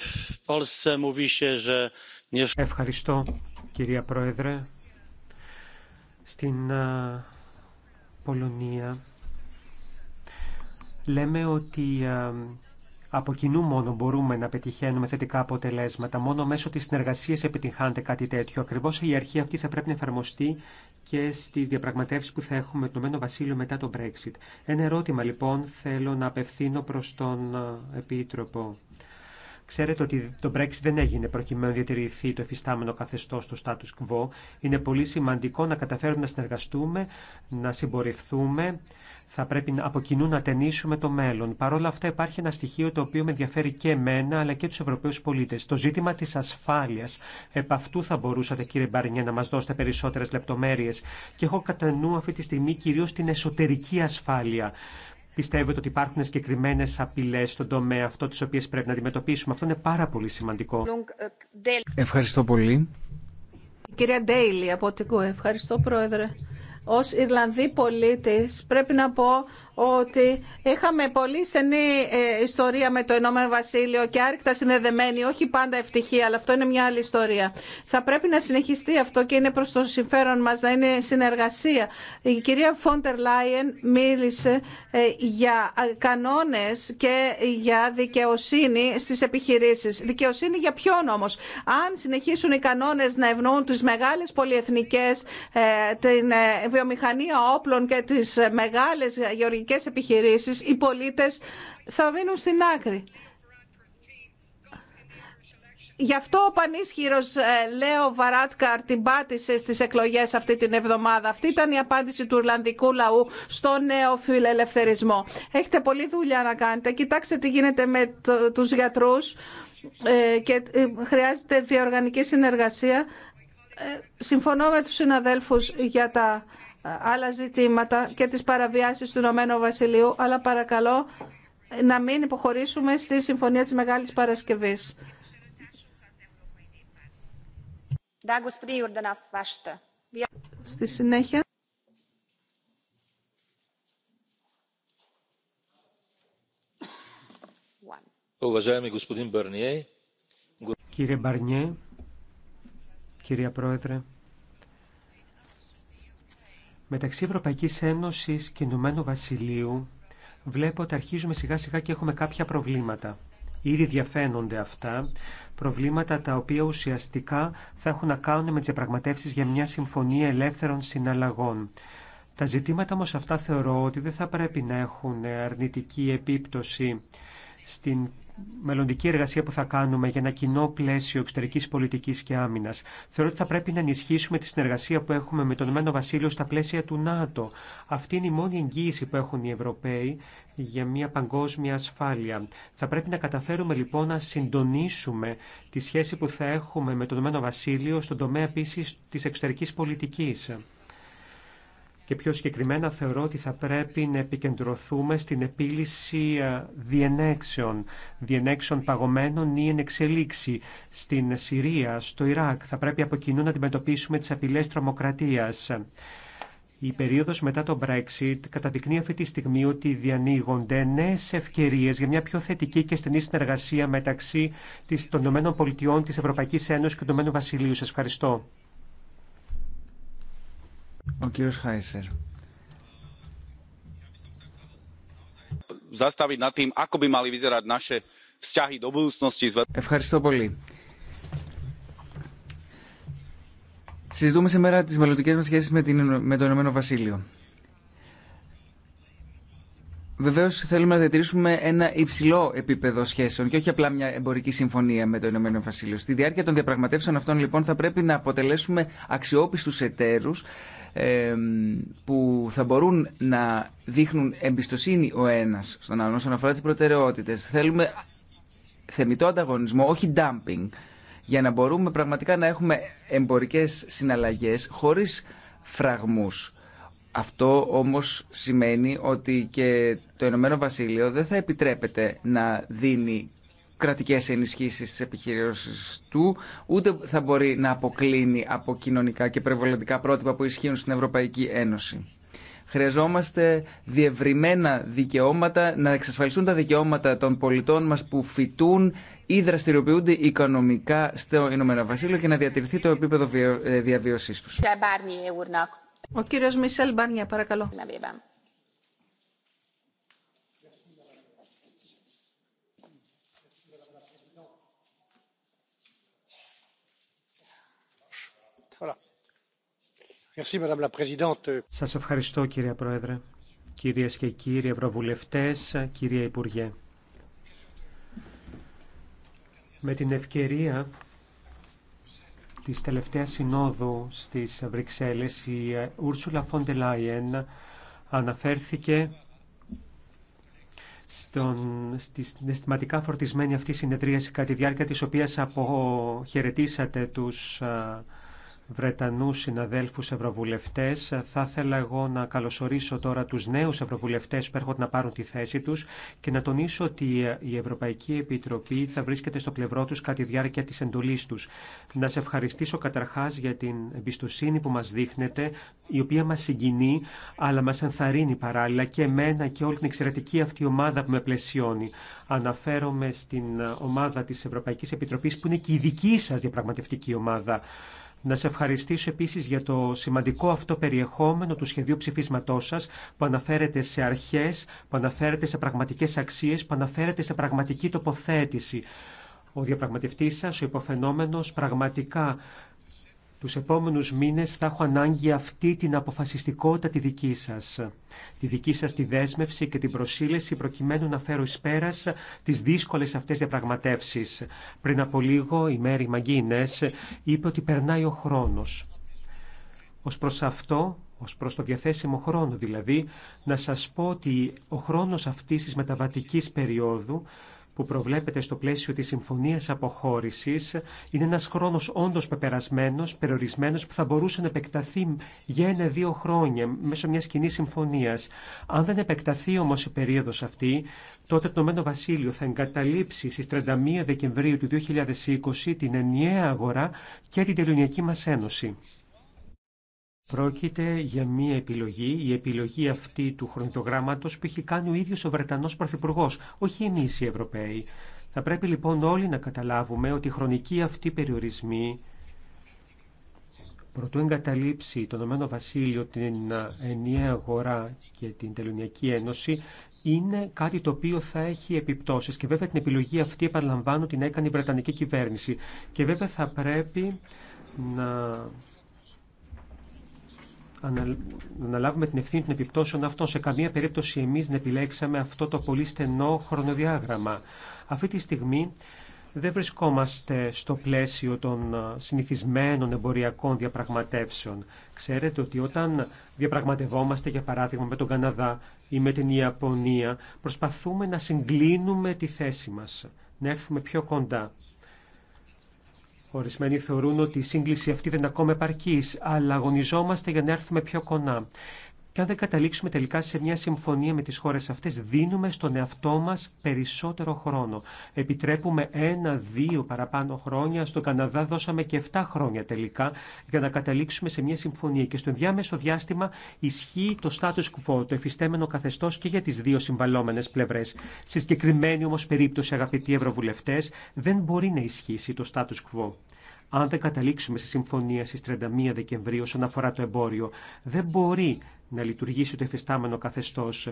ε, Ευχαριστώ, κυρία Πρόεδρε. Στην Πολωνία λέμε ότι από κοινού μόνο μπορούμε να πετυχαίνουμε θετικά αποτελέσματα. Μόνο μέσω της συνεργασίας επιτυγχάνεται κάτι τέτοιο. Ακριβώς η αρχή αυτή θα πρέπει να εφαρμοστεί και στι διαπραγματεύσει που θα έχουμε με το Μένο Βασίλειο μετά το Brexit. Ένα ερώτημα λοιπόν θέλω να απευθύνω προ τον Επίτροπο. Ξέρετε ότι το Brexit δεν έγινε προκειμένου να διατηρηθεί το εφιστάμενο καθεστώ του status quo. Είναι πολύ σημαντικό να καταφέρουμε να συνεργαστούμε, να συμπορευθούμε. Θα πρέπει από κοινού να ταινίσουμε το μέλλον. Παρ' όλα αυτά υπάρχει ένα στοιχείο το οποίο με ενδιαφέρει και εμένα αλλά και του Ευρωπαίου πολίτε. Το ζήτημα τη ασφάλεια. Επ' αυτού θα μπορούσατε κύριε Μπαρνιέ να μα δώσετε περισσότερε λεπτομέρειε. Και έχω κατά νου αυτή τη στιγμή κυρίω την εσωτερική ασφάλεια. Πιστεύετε ότι υπάρχουν συγκεκριμένε απειλέ στον τομέα αυτό, τι οποίε πρέπει να αντιμετωπίσουμε. Αυτό είναι πάρα πολύ σημαντικό. Ευχαριστώ πολύ. κυρία Ντέιλι από την ΚΟΕ. Ευχαριστώ, Πρόεδρε. Ως Ιρλανδή πολίτης πρέπει να πω ότι είχαμε πολύ στενή ε, ιστορία με το Ηνωμένο Βασίλειο και άρρηκτα συνδεδεμένη, όχι πάντα ευτυχία, αλλά αυτό είναι μια άλλη ιστορία. Θα πρέπει να συνεχιστεί αυτό και είναι προς το συμφέρον μας να είναι συνεργασία. Η κυρία Φόντερ Λάιεν μίλησε ε, για ε, κανόνες και για δικαιοσύνη στις επιχειρήσεις. Δικαιοσύνη για ποιον όμως. Αν συνεχίσουν οι κανόνες να ευνοούν τις μεγάλες πολυεθνικές, την βιομηχανία όπλων και τις μεγάλες γεωργικές επιχειρήσεις, οι πολίτες θα μείνουν στην άκρη. Γι' αυτό ο πανίσχυρος ε, Λέο Βαράτκαρ την πάτησε στις εκλογές αυτή την εβδομάδα. Αυτή ήταν η απάντηση του Ιρλανδικού λαού στο νέο φιλελευθερισμό. Έχετε πολλή δουλειά να κάνετε. Κοιτάξτε τι γίνεται με τους γιατρούς ε, και ε, χρειάζεται διοργανική συνεργασία. Συμφωνώ με τους συναδέλφους για τα άλλα ζητήματα και τις παραβιάσεις του Ηνωμένου Βασιλείου, αλλά παρακαλώ να μην υποχωρήσουμε στη Συμφωνία της Μεγάλης Παρασκευής. Στη συνέχεια. Κύριε Μπαρνιέ, κυρία Πρόεδρε, Μεταξύ Ευρωπαϊκής Ένωσης και Ηνωμένου Βασιλείου βλέπω ότι αρχίζουμε σιγά σιγά και έχουμε κάποια προβλήματα. Ήδη διαφαίνονται αυτά, προβλήματα τα οποία ουσιαστικά θα έχουν να κάνουν με τις διαπραγματεύσεις για μια συμφωνία ελεύθερων συναλλαγών. Τα ζητήματα όμως αυτά θεωρώ ότι δεν θα πρέπει να έχουν αρνητική επίπτωση στην μελλοντική εργασία που θα κάνουμε για ένα κοινό πλαίσιο εξωτερική πολιτική και άμυνα. Θεωρώ ότι θα πρέπει να ενισχύσουμε τη συνεργασία που έχουμε με τον Ηνωμένο Βασίλειο στα πλαίσια του ΝΑΤΟ. Αυτή είναι η μόνη εγγύηση που έχουν οι Ευρωπαίοι για μια παγκόσμια ασφάλεια. Θα πρέπει να καταφέρουμε λοιπόν να συντονίσουμε τη σχέση που θα έχουμε με τον Νομένο Βασίλειο στον τομέα επίση τη εξωτερική πολιτική και πιο συγκεκριμένα θεωρώ ότι θα πρέπει να επικεντρωθούμε στην επίλυση ε, διενέξεων, διενέξεων παγωμένων ή ενεξελίξη στην Συρία, στο Ιράκ. Θα πρέπει από κοινού να αντιμετωπίσουμε τις απειλές τρομοκρατίας. Η περίοδος μετά το Brexit καταδεικνύει αυτή τη στιγμή ότι διανοίγονται νέες ευκαιρίες για μια πιο θετική και στενή συνεργασία μεταξύ των ΗΠΑ, της Ευρωπαϊκής Ένωσης και του ΗΠΑ. Σας ευχαριστώ. Ο κύριος Χάισερ. Ευχαριστώ πολύ. Συζητούμε σήμερα τις μελλοντικές μας σχέσεις με, την, με το Ηνωμένο Βασίλειο. Βεβαίω θέλουμε να διατηρήσουμε ένα υψηλό επίπεδο σχέσεων και όχι απλά μια εμπορική συμφωνία με το Ηνωμένο Βασίλειο. Στη διάρκεια των διαπραγματεύσεων αυτών λοιπόν θα πρέπει να αποτελέσουμε αξιόπιστου εταίρου που θα μπορούν να δείχνουν εμπιστοσύνη ο ένα στον άλλον όσον αφορά τι προτεραιότητε. Θέλουμε θεμητό ανταγωνισμό, όχι dumping, για να μπορούμε πραγματικά να έχουμε εμπορικέ συναλλαγέ χωρί φραγμούς αυτό όμως σημαίνει ότι και το Ηνωμένο Βασίλειο δεν θα επιτρέπεται να δίνει κρατικές ενισχύσεις στις επιχειρήσεις του, ούτε θα μπορεί να αποκλίνει από κοινωνικά και περιβαλλοντικά πρότυπα που ισχύουν στην Ευρωπαϊκή Ένωση. Χρειαζόμαστε διευρυμένα δικαιώματα, να εξασφαλιστούν τα δικαιώματα των πολιτών μας που φοιτούν ή δραστηριοποιούνται οικονομικά στο Ηνωμένο Βασίλειο και να διατηρηθεί το επίπεδο ε, διαβίωσής τους. Ο κύριος Μισελ Μπάνια, παρακαλώ. Σας ευχαριστώ κύριε Πρόεδρε, κυρίες και κύριοι Ευρωβουλευτές, κύριε Υπουργέ. Με την ευκαιρία της τελευταίας συνόδου στις Βρυξέλλες η ε, Ούρσουλα Φοντελάιεν αναφέρθηκε στον, στη συναισθηματικά φορτισμένη αυτή συνεδρίαση κατά τη διάρκεια της οποίας αποχαιρετήσατε τους ε, Βρετανούς συναδέλφους ευρωβουλευτές. Θα ήθελα εγώ να καλωσορίσω τώρα τους νέους ευρωβουλευτές που έρχονται να πάρουν τη θέση τους και να τονίσω ότι η Ευρωπαϊκή Επιτροπή θα βρίσκεται στο πλευρό τους κατά τη διάρκεια της εντολής τους. Να σε ευχαριστήσω καταρχάς για την εμπιστοσύνη που μας δείχνετε, η οποία μας συγκινεί, αλλά μας ενθαρρύνει παράλληλα και εμένα και όλη την εξαιρετική αυτή ομάδα που με πλαισιώνει. Αναφέρομαι στην ομάδα της Ευρωπαϊκής Επιτροπής που είναι και η δική σας διαπραγματευτική ομάδα. Να σε ευχαριστήσω επίσης για το σημαντικό αυτό περιεχόμενο του σχεδίου ψηφίσματός σας που αναφέρεται σε αρχές, που αναφέρεται σε πραγματικές αξίες, που αναφέρεται σε πραγματική τοποθέτηση. Ο διαπραγματευτής σας, ο υποφαινόμενος, πραγματικά τους επόμενους μήνες θα έχω ανάγκη αυτή την αποφασιστικότητα τη δική σας. Τη δική σας τη δέσμευση και την προσήλεση προκειμένου να φέρω εις πέρας τις δύσκολες αυτές διαπραγματεύσεις. Πριν από λίγο η Μέρη Μαγκίνες είπε ότι περνάει ο χρόνος. Ως προς αυτό ως προς το διαθέσιμο χρόνο δηλαδή, να σας πω ότι ο χρόνος αυτής της μεταβατικής περίοδου που προβλέπεται στο πλαίσιο της συμφωνίας αποχώρησης είναι ένας χρόνος όντως πεπερασμένος, περιορισμένος, που θα μπορούσε να επεκταθεί για ένα-δύο χρόνια μέσω μιας κοινή συμφωνίας. Αν δεν επεκταθεί όμως η περίοδος αυτή, τότε το ΜΕΝΟ Βασίλειο θα εγκαταλείψει στις 31 Δεκεμβρίου του 2020 την ενιαία αγορά και την τελωνιακή μας ένωση. Πρόκειται για μία επιλογή, η επιλογή αυτή του χρονιτογράμματος που έχει κάνει ο ίδιος ο Βρετανός Πρωθυπουργός, όχι εμείς οι Ευρωπαίοι. Θα πρέπει λοιπόν όλοι να καταλάβουμε ότι οι χρονικοί αυτοί περιορισμοί προτού εγκαταλείψει το Ηνωμένο Βασίλειο την ενιαία αγορά και την Τελωνιακή Ένωση είναι κάτι το οποίο θα έχει επιπτώσεις και βέβαια την επιλογή αυτή επαναλαμβάνω την έκανε η Βρετανική κυβέρνηση και βέβαια θα πρέπει να να αναλάβουμε την ευθύνη των επιπτώσεων αυτών. Σε καμία περίπτωση εμείς δεν επιλέξαμε αυτό το πολύ στενό χρονοδιάγραμμα. Αυτή τη στιγμή δεν βρισκόμαστε στο πλαίσιο των συνηθισμένων εμποριακών διαπραγματεύσεων. Ξέρετε ότι όταν διαπραγματευόμαστε, για παράδειγμα, με τον Καναδά ή με την Ιαπωνία, προσπαθούμε να συγκλίνουμε τη θέση μας, να έρθουμε πιο κοντά. Ορισμένοι θεωρούν ότι η σύγκληση αυτή δεν είναι ακόμα επαρκή, αλλά αγωνιζόμαστε για να έρθουμε πιο κοντά. Και αν δεν καταλήξουμε τελικά σε μια συμφωνία με τις χώρες αυτές, δίνουμε στον εαυτό μας περισσότερο χρόνο. Επιτρέπουμε ένα-δύο παραπάνω χρόνια. Στο Καναδά δώσαμε και 7 χρόνια τελικά για να καταλήξουμε σε μια συμφωνία. Και στο διάμεσο διάστημα ισχύει το status quo, το εφιστέμενο καθεστώς και για τις δύο συμβαλόμενες πλευρές. Σε συγκεκριμένη όμως περίπτωση, αγαπητοί ευρωβουλευτές, δεν μπορεί να ισχύσει το status quo. Αν δεν καταλήξουμε σε συμφωνία στις 31 Δεκεμβρίου όσον αφορά το εμπόριο, δεν μπορεί να λειτουργήσει το εφιστάμενο καθεστώς.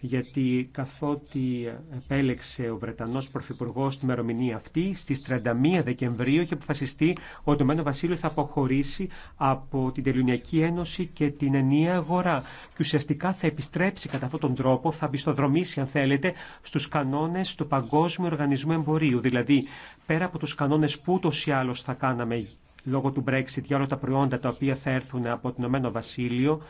Γιατί καθότι επέλεξε ο Βρετανός Πρωθυπουργό τη μερομηνία αυτή, στις 31 Δεκεμβρίου είχε αποφασιστεί ότι το Μένο Βασίλειο θα αποχωρήσει από την Τελειωνιακή Ένωση και την ενιαία αγορά. Και ουσιαστικά θα επιστρέψει κατά αυτόν τον τρόπο, θα μπιστοδρομήσει αν θέλετε, στους κανόνες του Παγκόσμιου Οργανισμού Εμπορίου. Δηλαδή, πέρα από τους κανόνες που ούτως ή θα κάναμε λόγω του Brexit για όλα τα προϊόντα τα οποία θα έρθουν από το Ηνωμένο Βασίλειο,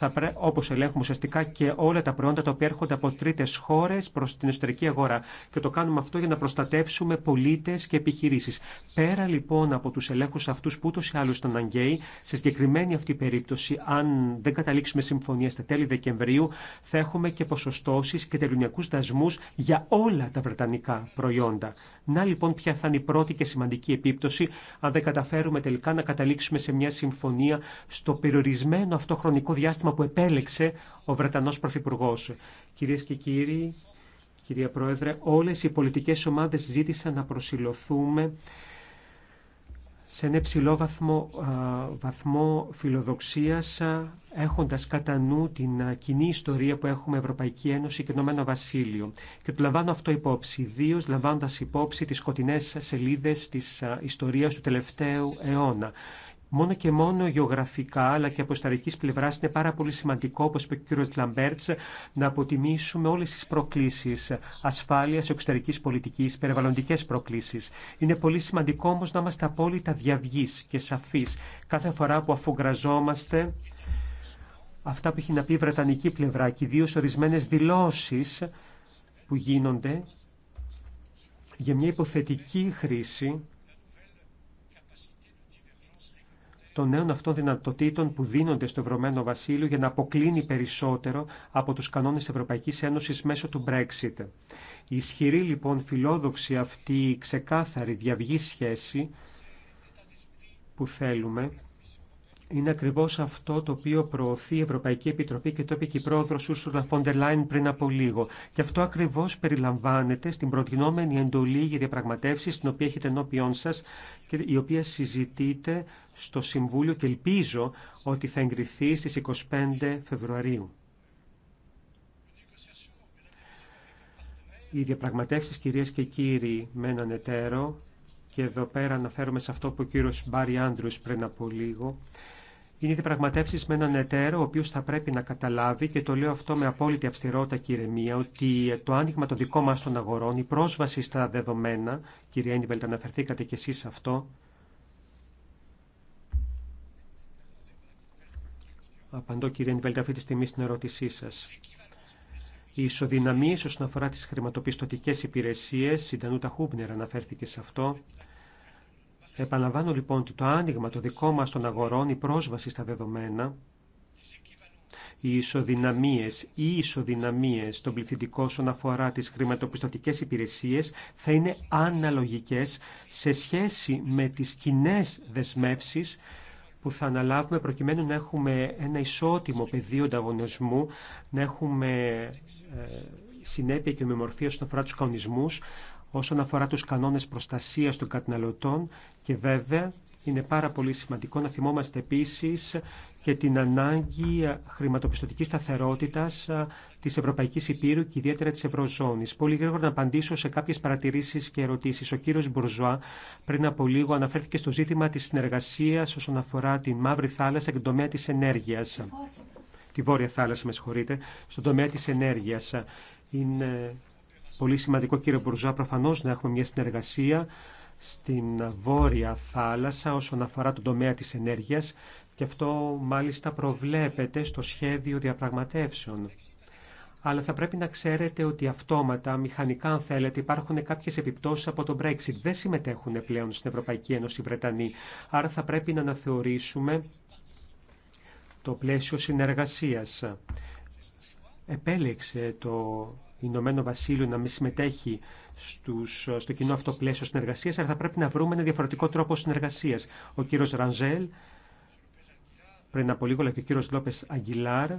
θα πρέ... όπω ελέγχουμε ουσιαστικά και όλα τα προϊόντα τα οποία έρχονται από τρίτες χώρες προς την εσωτερική αγορά. Και το κάνουμε αυτό για να προστατεύσουμε πολίτες και επιχειρήσεις. Πέρα λοιπόν από τους ελέγχους αυτούς που ούτως ή άλλως ήταν αγκαίοι, σε συγκεκριμένη αυτή περίπτωση, αν δεν καταλήξουμε συμφωνία στα τέλη Δεκεμβρίου, θα έχουμε και ποσοστώσεις και τελουνιακούς δασμούς για όλα τα βρετανικά προϊόντα. Να λοιπόν ποια θα είναι η πρώτη και σημαντική επίπτωση, αν δεν καταφέρουμε τελικά να καταλήξουμε σε μια συμφωνία στο περιορισμένο αυτό χρονικό διάστημα που επέλεξε ο Βρετανός Πρωθυπουργό. Κυρίες και κύριοι, κυρία Πρόεδρε, όλες οι πολιτικές ομάδες ζήτησαν να προσιλωθούμε σε ένα υψηλό βαθμό, βαθμό φιλοδοξίας, έχοντας κατά νου την κοινή ιστορία που έχουμε Ευρωπαϊκή Ένωση και Ηνωμένο Βασίλειο. Και το λαμβάνω αυτό υπόψη, ιδίω λαμβάνοντας υπόψη τις σκοτεινές σελίδες της ιστορίας του τελευταίου αιώνα. Μόνο και μόνο γεωγραφικά αλλά και από σταρικής πλευράς είναι πάρα πολύ σημαντικό, όπως είπε ο κ. Λαμπέρτς, να αποτιμήσουμε όλες τις προκλήσεις ασφάλειας, εξωτερικής πολιτικής, περιβαλλοντικές προκλήσεις. Είναι πολύ σημαντικό όμως να είμαστε απόλυτα διαυγείς και σαφείς κάθε φορά που αφουγκραζόμαστε αυτά που έχει να πει η Βρετανική πλευρά και ιδίω ορισμένες δηλώσεις που γίνονται για μια υποθετική χρήση των νέων αυτών δυνατοτήτων που δίνονται στο Ευρωμένο Βασίλειο για να αποκλίνει περισσότερο από τους κανόνες Ευρωπαϊκής Ένωσης μέσω του Brexit. Η ισχυρή λοιπόν φιλόδοξη αυτή η ξεκάθαρη διαυγή σχέση που θέλουμε είναι ακριβώς αυτό το οποίο προωθεί η Ευρωπαϊκή Επιτροπή και το είπε και η πρόεδρος Φόντερ Λάιν πριν από λίγο. Και αυτό ακριβώς περιλαμβάνεται στην προτινόμενη εντολή για διαπραγματεύσεις, την οποία έχετε ενώπιόν σας και η οποία συζητείται στο Συμβούλιο και ελπίζω ότι θα εγκριθεί στις 25 Φεβρουαρίου. Οι διαπραγματεύσει κυρίες και κύριοι με έναν εταίρο και εδώ πέρα αναφέρομαι σε αυτό που ο κύριος Μπάρι Άντρους πριν από λίγο είναι διαπραγματεύσει με έναν εταίρο ο οποίο θα πρέπει να καταλάβει, και το λέω αυτό με απόλυτη αυστηρότητα και Μία, ότι το άνοιγμα των δικό μας των αγορών, η πρόσβαση στα δεδομένα, κυρία Ένιβελτ, αναφερθήκατε και εσεί αυτό, Απαντώ κύριε Νιβέλτα αυτή τη στιγμή στην ερώτησή σα. Οι ισοδυναμίε όσον αφορά τι χρηματοπιστωτικέ υπηρεσίε, η Ντανούτα Χούμπνερ αναφέρθηκε σε αυτό, Επαναλαμβάνω λοιπόν ότι το άνοιγμα το δικό μα των αγορών, η πρόσβαση στα δεδομένα, οι ισοδυναμίε, ή οι ισοδυναμίες στον όσον αφορά τι χρηματοπιστωτικέ υπηρεσίε θα είναι αναλογικέ σε σχέση με τι κοινέ δεσμεύσει που θα αναλάβουμε προκειμένου να έχουμε ένα ισότιμο πεδίο ανταγωνισμού, να έχουμε ε, συνέπεια και ομοιομορφία όσον αφορά τους κανονισμούς, όσον αφορά τους κανόνες προστασίας των καταναλωτών και βέβαια είναι πάρα πολύ σημαντικό να θυμόμαστε επίσης και την ανάγκη χρηματοπιστωτικής σταθερότητας τη Ευρωπαϊκή Υπήρου και ιδιαίτερα τη Ευρωζώνη. Πολύ γρήγορα να απαντήσω σε κάποιε παρατηρήσει και ερωτήσει. Ο κύριο Μπουρζουά πριν από λίγο αναφέρθηκε στο ζήτημα τη συνεργασία όσον αφορά τη Μαύρη Θάλασσα και τον τομέα τη ενέργεια. Τη Βόρεια Θάλασσα, με συγχωρείτε, στον τομέα τη ενέργεια. Είναι πολύ σημαντικό, κύριε Μπουρζουά, προφανώ να έχουμε μια συνεργασία στην Βόρεια Θάλασσα όσον αφορά τον τομέα τη ενέργειας και αυτό μάλιστα προβλέπεται στο σχέδιο διαπραγματεύσεων αλλά θα πρέπει να ξέρετε ότι αυτόματα, μηχανικά αν θέλετε, υπάρχουν κάποιες επιπτώσεις από το Brexit. Δεν συμμετέχουν πλέον στην Ευρωπαϊκή Ένωση οι Βρετανοί, άρα θα πρέπει να αναθεωρήσουμε το πλαίσιο συνεργασίας. Επέλεξε το Ηνωμένο Βασίλειο να μην συμμετέχει στους, στο κοινό αυτό πλαίσιο συνεργασίας, αλλά θα πρέπει να βρούμε ένα διαφορετικό τρόπο συνεργασίας. Ο κύριος Ρανζέλ, πριν από λίγο, και ο κύριος Λόπες Αγγιλάρ,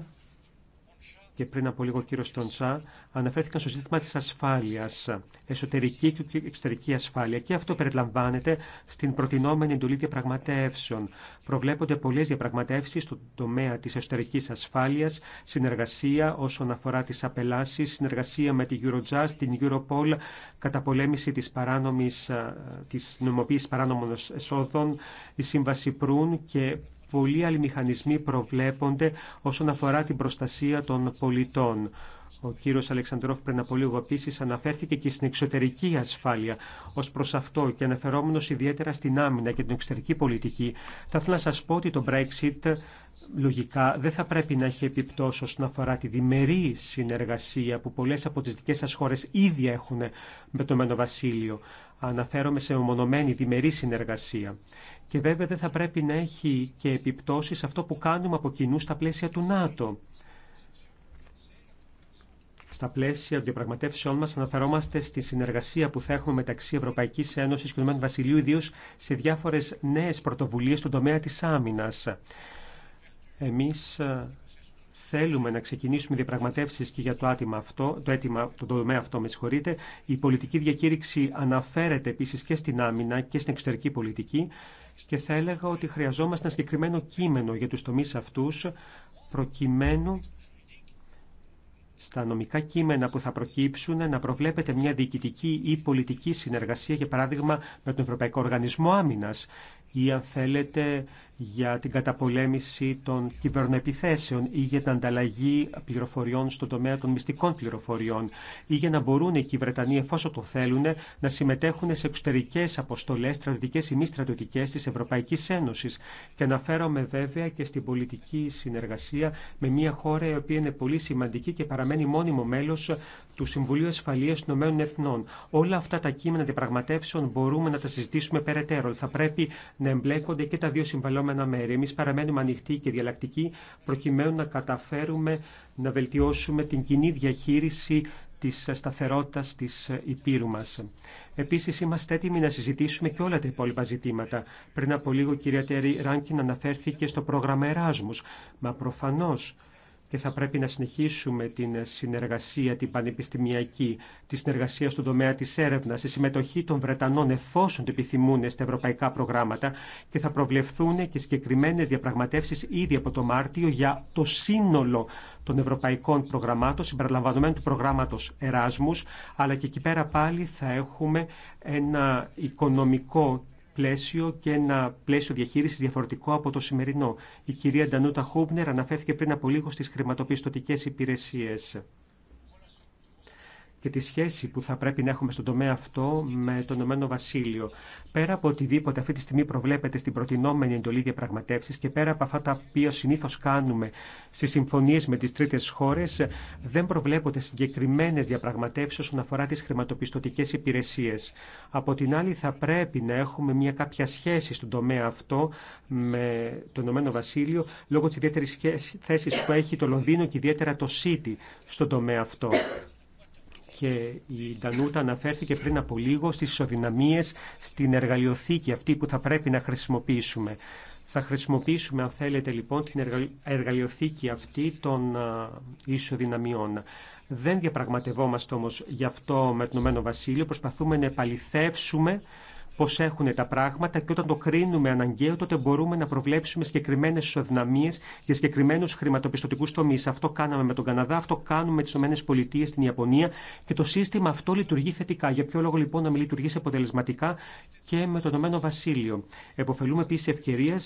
και πριν από λίγο ο κύριο Τοντσά αναφέρθηκαν στο ζήτημα τη ασφάλεια, εσωτερική και εξωτερική ασφάλεια. Και αυτό περιλαμβάνεται στην προτινόμενη εντολή διαπραγματεύσεων. Προβλέπονται πολλέ διαπραγματεύσει στον τομέα τη εσωτερική ασφάλεια, συνεργασία όσον αφορά τι απελάσει, συνεργασία με την Eurojust, την Europol, καταπολέμηση τη παράνομη, ε, τη νομοποίηση παράνομων εσόδων, η Σύμβαση Προύν και πολλοί άλλοι μηχανισμοί προβλέπονται όσον αφορά την προστασία των πολιτών. Ο κύριος Αλεξανδρόφ πριν από λίγο επίσης αναφέρθηκε και στην εξωτερική ασφάλεια ως προς αυτό και αναφερόμενος ιδιαίτερα στην άμυνα και την εξωτερική πολιτική. Θα ήθελα να σας πω ότι το Brexit λογικά δεν θα πρέπει να έχει επιπτώσει όσον αφορά τη διμερή συνεργασία που πολλές από τις δικές σας χώρες ήδη έχουν με το Μένο Βασίλειο. Αναφέρομαι σε ομονωμένη διμερή συνεργασία και βέβαια δεν θα πρέπει να έχει και επιπτώσεις αυτό που κάνουμε από κοινού στα πλαίσια του ΝΑΤΟ. Στα πλαίσια των διαπραγματεύσεών μα, αναφερόμαστε στη συνεργασία που θα έχουμε μεταξύ Ευρωπαϊκή Ένωση και του Βασιλείου, ιδίω σε διάφορε νέε πρωτοβουλίε στον τομέα τη άμυνα. Εμεί ε, θέλουμε να ξεκινήσουμε διαπραγματεύσει και για το άτομα αυτό, το αίτημα, το τομέα αυτό, με συγχωρείτε. Η πολιτική διακήρυξη αναφέρεται επίση και στην άμυνα και στην εξωτερική πολιτική και θα έλεγα ότι χρειαζόμαστε ένα συγκεκριμένο κείμενο για τους τομείς αυτούς προκειμένου στα νομικά κείμενα που θα προκύψουν να προβλέπεται μια διοικητική ή πολιτική συνεργασία, για παράδειγμα με τον Ευρωπαϊκό Οργανισμό Άμυνας ή αν θέλετε για την καταπολέμηση των κυβερνοεπιθέσεων ή για την ανταλλαγή πληροφοριών στον τομέα των μυστικών πληροφοριών ή για να μπορούν οι Βρετανοί, εφόσον το θέλουν, να συμμετέχουν σε εξωτερικέ αποστολέ, στρατιωτικέ ή μη στρατιωτικέ τη Ευρωπαϊκή Ένωση. Και αναφέρομαι βέβαια και στην πολιτική συνεργασία με μια χώρα η οποία είναι πολύ σημαντική και παραμένει μόνιμο μέλο του Συμβουλίου Ασφαλεία των Ηνωμένων Εθνών. Όλα αυτά τα κείμενα διαπραγματεύσεων μπορούμε να τα συζητήσουμε περαιτέρω. Θα πρέπει να εμπλέκονται και τα δύο συμβαλόμενα ένα μέρη. Εμεί παραμένουμε ανοιχτοί και διαλλακτικοί προκειμένου να καταφέρουμε να βελτιώσουμε την κοινή διαχείριση της σταθερότητας της Υπήρου μα. Επίσης, είμαστε έτοιμοι να συζητήσουμε και όλα τα υπόλοιπα ζητήματα. Πριν από λίγο, κυρία Τέρη Ράνκιν αναφέρθηκε στο πρόγραμμα Εράσμου, μα προφανώς και θα πρέπει να συνεχίσουμε την συνεργασία, την πανεπιστημιακή, τη συνεργασία στον τομέα της έρευνας, τη συμμετοχή των Βρετανών εφόσον το επιθυμούν στα ευρωπαϊκά προγράμματα και θα προβλεφθούν και συγκεκριμένες διαπραγματεύσεις ήδη από το Μάρτιο για το σύνολο των ευρωπαϊκών προγραμμάτων, συμπεριλαμβανομένου του προγράμματος Εράσμους, αλλά και εκεί πέρα πάλι θα έχουμε ένα οικονομικό πλαίσιο και ένα πλαίσιο διαχείριση διαφορετικό από το σημερινό. Η κυρία Ντανούτα Χούμπνερ αναφέρθηκε πριν από λίγο στι χρηματοπιστωτικέ υπηρεσίε και τη σχέση που θα πρέπει να έχουμε στον τομέα αυτό με το Ηνωμένο Βασίλειο. Πέρα από οτιδήποτε αυτή τη στιγμή προβλέπεται στην προτινόμενη εντολή διαπραγματεύσει και πέρα από αυτά τα οποία συνήθω κάνουμε στι συμφωνίε με τι τρίτε χώρε, δεν προβλέπονται συγκεκριμένε διαπραγματεύσει όσον αφορά τι χρηματοπιστωτικέ υπηρεσίε. Από την άλλη, θα πρέπει να έχουμε μια κάποια σχέση στον τομέα αυτό με το Ηνωμένο Βασίλειο, λόγω τη ιδιαίτερη θέση που έχει το Λονδίνο και ιδιαίτερα το ΣΥΤΙ στον τομέα αυτό και η Ντανούτα αναφέρθηκε πριν από λίγο στις ισοδυναμίες στην εργαλειοθήκη αυτή που θα πρέπει να χρησιμοποιήσουμε. Θα χρησιμοποιήσουμε, αν θέλετε, λοιπόν, την εργαλειοθήκη αυτή των ισοδυναμιών. Δεν διαπραγματευόμαστε όμως γι' αυτό με το Ηνωμένο Βασίλειο. Προσπαθούμε να επαληθεύσουμε πώ έχουν τα πράγματα και όταν το κρίνουμε αναγκαίο τότε μπορούμε να προβλέψουμε συγκεκριμένε ισοδυναμίε και συγκεκριμένου χρηματοπιστωτικούς τομείς. Αυτό κάναμε με τον Καναδά, αυτό κάνουμε με τις ΗΠΑ, στην Ιαπωνία και το σύστημα αυτό λειτουργεί θετικά. Για ποιο λόγο λοιπόν να μην λειτουργήσει αποτελεσματικά και με το Ηνωμένο Εποφελούμε επίση ευκαιρία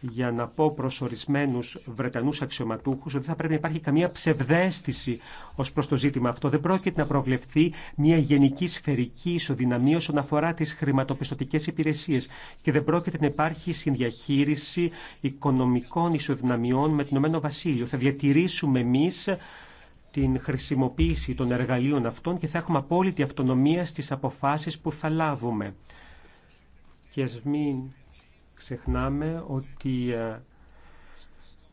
για να πω προ ορισμένου Βρετανού αξιωματούχου ότι θα πρέπει να υπάρχει καμία ψευδέστηση ω προ το ζήτημα αυτό. Δεν πρόκειται να προβλεφθεί μια γενική σφαιρική ισοδυναμία όσον αφορά τι χρηματοπιστωτικέ υπηρεσίε και δεν πρόκειται να υπάρχει συνδιαχείριση οικονομικών ισοδυναμιών με την Ηνωμένο Θα διατηρήσουμε εμεί την χρησιμοποίηση των εργαλείων αυτών και θα έχουμε απόλυτη αυτονομία στις αποφάσεις που θα λάβουμε. Και ξεχνάμε ότι ε,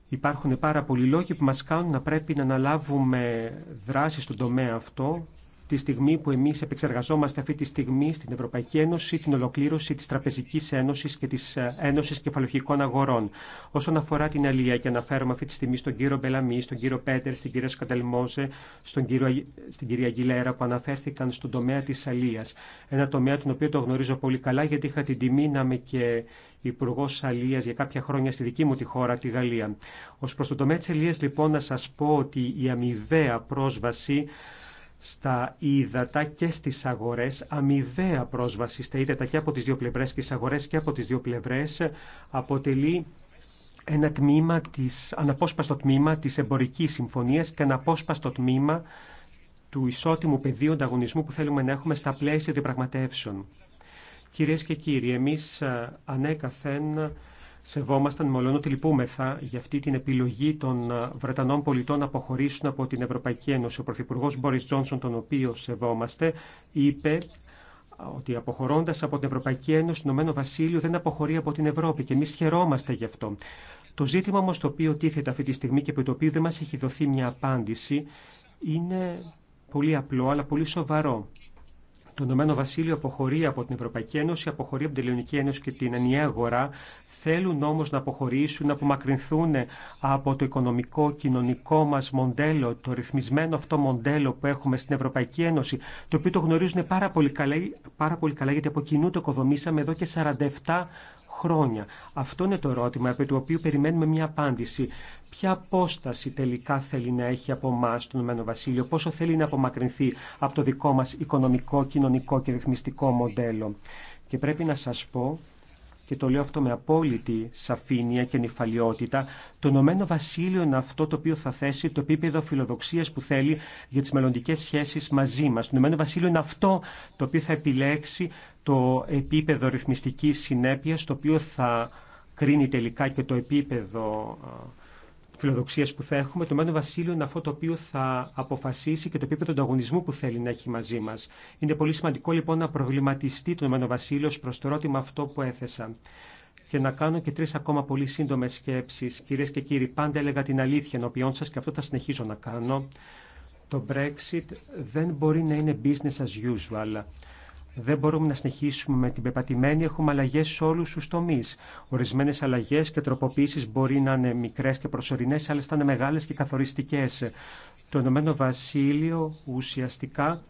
υπάρχουν πάρα πολλοί λόγοι που μας κάνουν να πρέπει να αναλάβουμε δράση στον τομέα αυτό τη στιγμή που εμείς επεξεργαζόμαστε αυτή τη στιγμή στην Ευρωπαϊκή Ένωση την ολοκλήρωση της Τραπεζικής Ένωσης και της ε, Ένωσης Κεφαλογικών Αγορών. Όσον αφορά την Αλία και αναφέρομαι αυτή τη στιγμή στον κύριο Μπελαμή, στον κύριο Πέτερ, στην κυρία Σκανταλμόζε, στον κύριο, στην κυρία Αγγιλέρα που αναφέρθηκαν στον τομέα της Αλίας. Ένα τομέα τον οποίο το γνωρίζω πολύ καλά γιατί είχα την τιμή να είμαι και Υπουργό Αλία για κάποια χρόνια στη δική μου τη χώρα, τη Γαλλία. Ω προ τον τομέα τη Αλία, λοιπόν, να σα πω ότι η αμοιβαία πρόσβαση στα ύδατα και στις αγορές, αμοιβαία πρόσβαση στα ύδατα και από τις δύο πλευρές και στις αγορές και από τις δύο πλευρές αποτελεί ένα τμήμα της, αναπόσπαστο τμήμα της εμπορικής συμφωνίας και αναπόσπαστο τμήμα του ισότιμου πεδίου ανταγωνισμού που θέλουμε να έχουμε στα πλαίσια διαπραγματεύσεων. Κυρίες και κύριοι, εμείς ε, ανέκαθεν σεβόμασταν όλον ότι λυπούμεθα για αυτή την επιλογή των ε, Βρετανών πολιτών να αποχωρήσουν από την Ευρωπαϊκή Ένωση. Ο Πρωθυπουργό Μπόρι Τζόνσον, τον οποίο σεβόμαστε, είπε ότι αποχωρώντα από την Ευρωπαϊκή Ένωση, το Ηνωμένο Βασίλειο δεν αποχωρεί από την Ευρώπη και εμεί χαιρόμαστε γι' αυτό. Το ζήτημα όμω το οποίο τίθεται αυτή τη στιγμή και το οποίο δεν μα έχει δοθεί μια απάντηση είναι πολύ απλό αλλά πολύ σοβαρό. Το Ηνωμένο Βασίλειο αποχωρεί από την Ευρωπαϊκή Ένωση, αποχωρεί από την Ελληνική Ένωση και την ενιαία αγορά. Θέλουν όμω να αποχωρήσουν, να απομακρυνθούν από το οικονομικό, κοινωνικό μα μοντέλο, το ρυθμισμένο αυτό μοντέλο που έχουμε στην Ευρωπαϊκή Ένωση, το οποίο το γνωρίζουν πάρα πολύ καλά, πάρα πολύ καλά γιατί από κοινού το οικοδομήσαμε εδώ και 47 χρόνια. Αυτό είναι το ερώτημα επί του οποίου περιμένουμε μια απάντηση. Ποια απόσταση τελικά θέλει να έχει από εμά το Ηνωμένο Βασίλειο, πόσο θέλει να απομακρυνθεί από το δικό μας οικονομικό, κοινωνικό και ρυθμιστικό μοντέλο. Και πρέπει να σας πω και το λέω αυτό με απόλυτη σαφήνεια και νυφαλιότητα, το Ηνωμένο Βασίλειο είναι αυτό το οποίο θα θέσει το επίπεδο φιλοδοξία που θέλει για τι μελλοντικέ σχέσει μαζί μα. Το Ηνωμένο Βασίλειο είναι αυτό το οποίο θα επιλέξει το επίπεδο ρυθμιστική συνέπεια, το οποίο θα κρίνει τελικά και το επίπεδο φιλοδοξίες που θα έχουμε, το μέλλον Βασίλειο είναι αυτό το οποίο θα αποφασίσει και το επίπεδο του ανταγωνισμού που θέλει να έχει μαζί μας. Είναι πολύ σημαντικό λοιπόν να προβληματιστεί το Μένο Βασίλειο προς το ερώτημα αυτό που έθεσα. Και να κάνω και τρει ακόμα πολύ σύντομε σκέψει. Κυρίε και κύριοι, πάντα έλεγα την αλήθεια ενώπιον σα και αυτό θα συνεχίζω να κάνω. Το Brexit δεν μπορεί να είναι business as usual. Δεν μπορούμε να συνεχίσουμε με την πεπατημένη. Έχουμε αλλαγέ σε όλου του τομεί. Ορισμένε αλλαγέ και τροποποιήσει μπορεί να είναι μικρέ και προσωρινέ, άλλε θα είναι μεγάλε και καθοριστικέ. Το Ηνωμένο Βασίλειο ουσιαστικά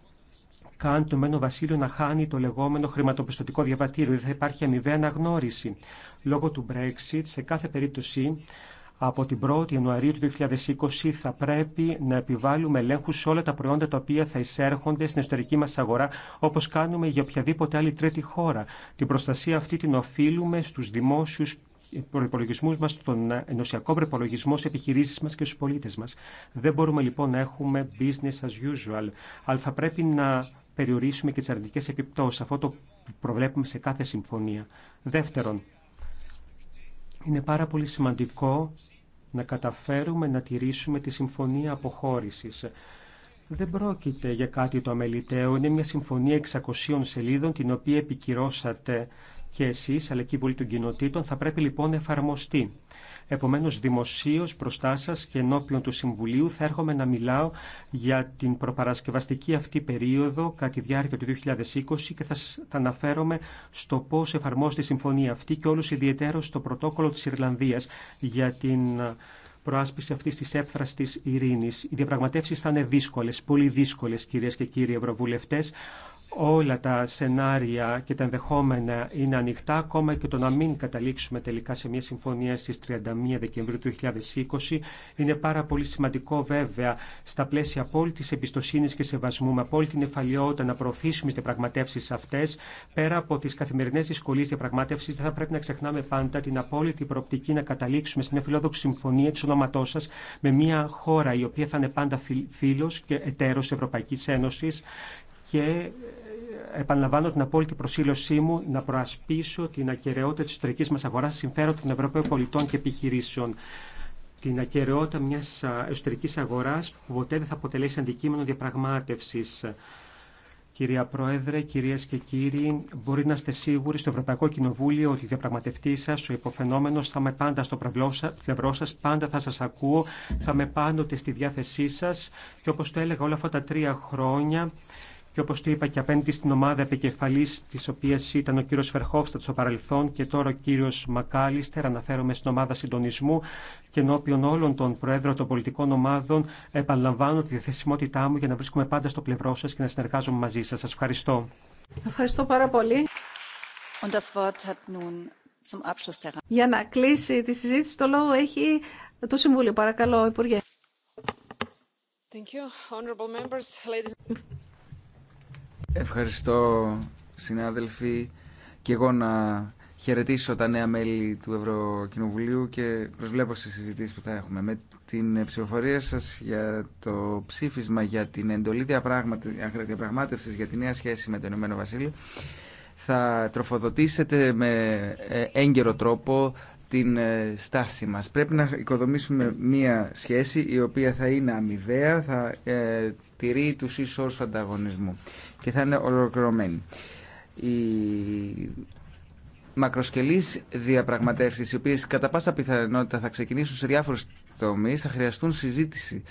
κάνει το Ηνωμένο Βασίλειο να χάνει το λεγόμενο χρηματοπιστωτικό διαβατήριο. Δεν θα υπάρχει αμοιβαία αναγνώριση. Λόγω του Brexit, σε κάθε περίπτωση, από την 1η Ιανουαρίου του 2020 θα πρέπει να επιβάλλουμε ελέγχου σε όλα τα προϊόντα τα οποία θα εισέρχονται στην εσωτερική μα αγορά, όπω κάνουμε για οποιαδήποτε άλλη τρίτη χώρα. Την προστασία αυτή την οφείλουμε στου δημόσιου προπολογισμού μα, στον ενωσιακό προπολογισμό, στι επιχειρήσει μα και στου πολίτε μα. Δεν μπορούμε λοιπόν να έχουμε business as usual, αλλά θα πρέπει να περιορίσουμε και τι αρνητικέ επιπτώσει. Αυτό το προβλέπουμε σε κάθε συμφωνία. Δεύτερον, είναι πάρα πολύ σημαντικό να καταφέρουμε να τηρήσουμε τη συμφωνία αποχώρησης. Δεν πρόκειται για κάτι το αμεληταίο. Είναι μια συμφωνία 600 σελίδων την οποία επικυρώσατε και εσείς αλλά και η Βουλή των Κοινοτήτων θα πρέπει λοιπόν να εφαρμοστεί. Επομένω, δημοσίω μπροστά σα και ενώπιον του Συμβουλίου θα έρχομαι να μιλάω για την προπαρασκευαστική αυτή περίοδο κατά τη διάρκεια του 2020 και θα, θα αναφέρομαι στο πώ εφαρμόζεται η συμφωνία αυτή και όλου ιδιαίτερο στο πρωτόκολλο τη Ιρλανδία για την προάσπιση αυτή τη έφθραστη ειρήνη. Οι διαπραγματεύσει θα είναι δύσκολε, πολύ δύσκολε, κυρίε και κύριοι Ευρωβουλευτέ, όλα τα σενάρια και τα ενδεχόμενα είναι ανοιχτά, ακόμα και το να μην καταλήξουμε τελικά σε μια συμφωνία στις 31 Δεκεμβρίου του 2020. Είναι πάρα πολύ σημαντικό βέβαια στα πλαίσια απόλυτη εμπιστοσύνη και σεβασμού με απόλυτη νεφαλαιότητα να προωθήσουμε τι διαπραγματεύσει αυτέ. Πέρα από τι καθημερινέ δυσκολίε διαπραγμάτευση, δεν θα πρέπει να ξεχνάμε πάντα την απόλυτη προοπτική να καταλήξουμε σε μια φιλόδοξη συμφωνία εξ ονόματό σα με μια χώρα η οποία θα είναι πάντα φίλο και εταίρο Ευρωπαϊκή Ένωση και ε, επαναλαμβάνω την απόλυτη προσήλωσή μου να προασπίσω την ακαιρεότητα της εσωτερικής μας αγοράς συμφέρον των Ευρωπαίων πολιτών και επιχειρήσεων την ακαιρεότητα μιας εσωτερικής αγοράς που ποτέ δεν θα αποτελέσει αντικείμενο διαπραγμάτευσης. Κυρία Πρόεδρε, κυρίες και κύριοι, μπορεί να είστε σίγουροι στο Ευρωπαϊκό Κοινοβούλιο ότι η διαπραγματευτή σα, ο υποφαινόμενο, θα είμαι πάντα στο πλευρό σα, πάντα θα σα ακούω, θα είμαι πάντοτε στη διάθεσή σα και όπω το έλεγα όλα αυτά τα τρία χρόνια, και όπω το είπα και απέναντι στην ομάδα επικεφαλή τη οποία ήταν ο κύριο Φερχόφστατ στο παρελθόν και τώρα ο κύριο Μακάλιστερ αναφέρομαι στην ομάδα συντονισμού και ενώπιον όλων των προέδρων των πολιτικών ομάδων επαναλαμβάνω τη διαθεσιμότητά μου για να βρίσκουμε πάντα στο πλευρό σα και να συνεργάζομαι μαζί σα. Σα ευχαριστώ. Ευχαριστώ πάρα πολύ. Για να κλείσει τη συζήτηση το λόγο έχει το Συμβούλιο. Παρακαλώ, Υπουργέ. Ευχαριστώ συνάδελφοι και εγώ να χαιρετήσω τα νέα μέλη του Ευρωκοινοβουλίου και προσβλέπω στις συζητήσεις που θα έχουμε. Με την ψηφοφορία σας για το ψήφισμα για την εντολή διαπραγμάτευσης για τη νέα σχέση με το Ηνωμένο Βασίλειο θα τροφοδοτήσετε με ε, έγκαιρο τρόπο την ε, στάση μας. Πρέπει να οικοδομήσουμε μία σχέση η οποία θα είναι αμοιβαία, θα ε, τηρεί τους ίσως ανταγωνισμού και θα είναι ολοκληρωμένη. Οι μακροσκελείς διαπραγματεύσεις, οι οποίες κατά πάσα πιθανότητα θα ξεκινήσουν σε διάφορους τομείς, θα χρειαστούν συζήτηση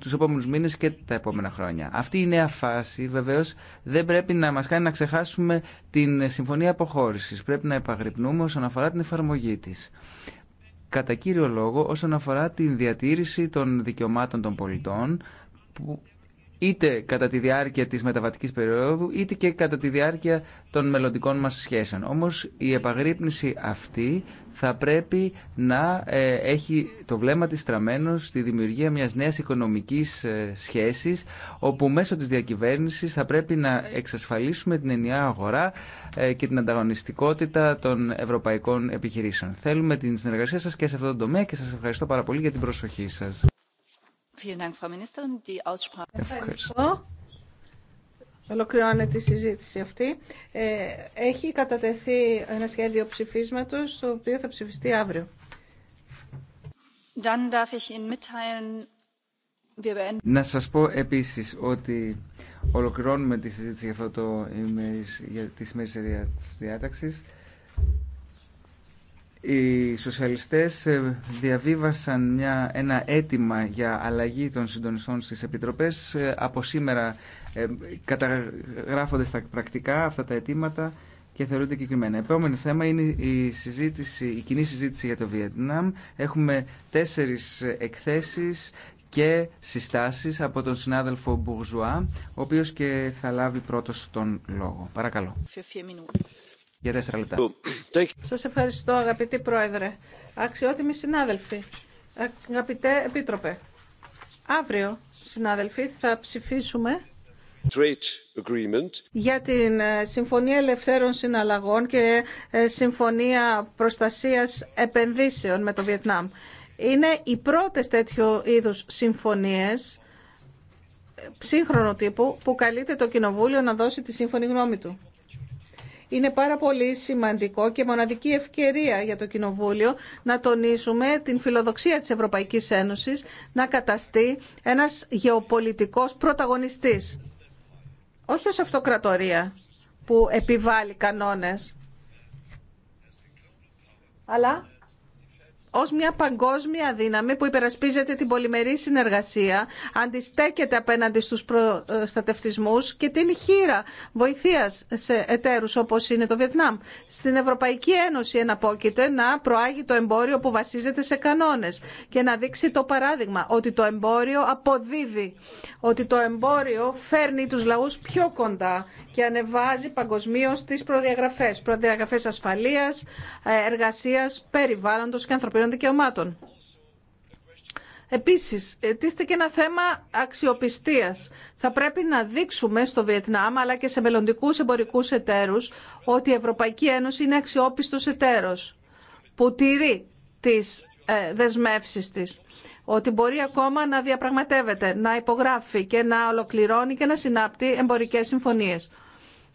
τους επόμενους μήνες και τα επόμενα χρόνια. Αυτή η νέα φάση βεβαίως δεν πρέπει να μας κάνει να ξεχάσουμε την συμφωνία αποχώρησης. Πρέπει να επαγρυπνούμε όσον αφορά την εφαρμογή της. Κατά κύριο λόγο όσον αφορά την διατήρηση των δικαιωμάτων των πολιτών, είτε κατά τη διάρκεια της μεταβατικής περίοδου είτε και κατά τη διάρκεια των μελλοντικών μας σχέσεων. Όμως η επαγρύπνηση αυτή θα πρέπει να ε, έχει το βλέμμα της στραμμένο στη δημιουργία μιας νέας οικονομικής ε, σχέσης όπου μέσω της διακυβέρνησης θα πρέπει να εξασφαλίσουμε την ενιαία αγορά ε, και την ανταγωνιστικότητα των ευρωπαϊκών επιχειρήσεων. Θέλουμε την συνεργασία σας και σε αυτό το τομέα και σας ευχαριστώ πάρα πολύ για την προσοχή σας. Ευχαριστώ. Ολοκληρώνεται η συζήτηση αυτή. Ε, έχει κατατεθεί ένα σχέδιο ψηφίσματος, το οποίο θα ψηφιστεί αύριο. Να σας πω επίσης ότι ολοκληρώνουμε τη συζήτηση για αυτό το ημέρι, για οι σοσιαλιστές ε, διαβίβασαν μια, ένα αίτημα για αλλαγή των συντονιστών στις επιτροπές. Ε, από σήμερα ε, καταγράφονται στα πρακτικά αυτά τα αιτήματα και θεωρούνται κεκριμένα. Επόμενο θέμα είναι η, συζήτηση, η κοινή συζήτηση για το Βιετνάμ. Έχουμε τέσσερις εκθέσεις και συστάσεις από τον συνάδελφο Μπουρζουά, ο οποίος και θα λάβει πρώτος τον λόγο. Παρακαλώ για λεπτά. Σας ευχαριστώ αγαπητή Πρόεδρε, αξιότιμοι συνάδελφοι, αγαπητέ Επίτροπε. Αύριο, συνάδελφοι, θα ψηφίσουμε για την ε, Συμφωνία Ελευθέρων Συναλλαγών και ε, Συμφωνία Προστασίας Επενδύσεων με το Βιετνάμ. Είναι οι πρώτες τέτοιου είδους συμφωνίες ε, σύγχρονο τύπου που καλείται το Κοινοβούλιο να δώσει τη σύμφωνη γνώμη του. Είναι πάρα πολύ σημαντικό και μοναδική ευκαιρία για το Κοινοβούλιο να τονίσουμε την φιλοδοξία της Ευρωπαϊκής Ένωσης να καταστεί ένας γεωπολιτικός πρωταγωνιστής. Όχι ως αυτοκρατορία που επιβάλλει κανόνες, αλλά Ω μια παγκόσμια δύναμη που υπερασπίζεται την πολυμερή συνεργασία, αντιστέκεται απέναντι στους προστατευτισμού και την χείρα βοηθεία σε εταίρου όπω είναι το Βιετνάμ. Στην Ευρωπαϊκή Ένωση εναπόκειται να προάγει το εμπόριο που βασίζεται σε κανόνε και να δείξει το παράδειγμα ότι το εμπόριο αποδίδει, ότι το εμπόριο φέρνει του λαού πιο κοντά και ανεβάζει παγκοσμίω τις προδιαγραφέ. Προδιαγραφέ ασφαλεία, ε, εργασία, περιβάλλοντο και ανθρωπίνων ανθρωπίνων δικαιωμάτων. Επίσης, τίθεται και ένα θέμα αξιοπιστίας. Θα πρέπει να δείξουμε στο Βιετνάμ αλλά και σε μελλοντικού εμπορικού εταίρου ότι η Ευρωπαϊκή Ένωση είναι αξιόπιστο εταίρο που τηρεί τις ε, δεσμεύσει τη, Ότι μπορεί ακόμα να διαπραγματεύεται, να υπογράφει και να ολοκληρώνει και να συνάπτει εμπορικέ συμφωνίε.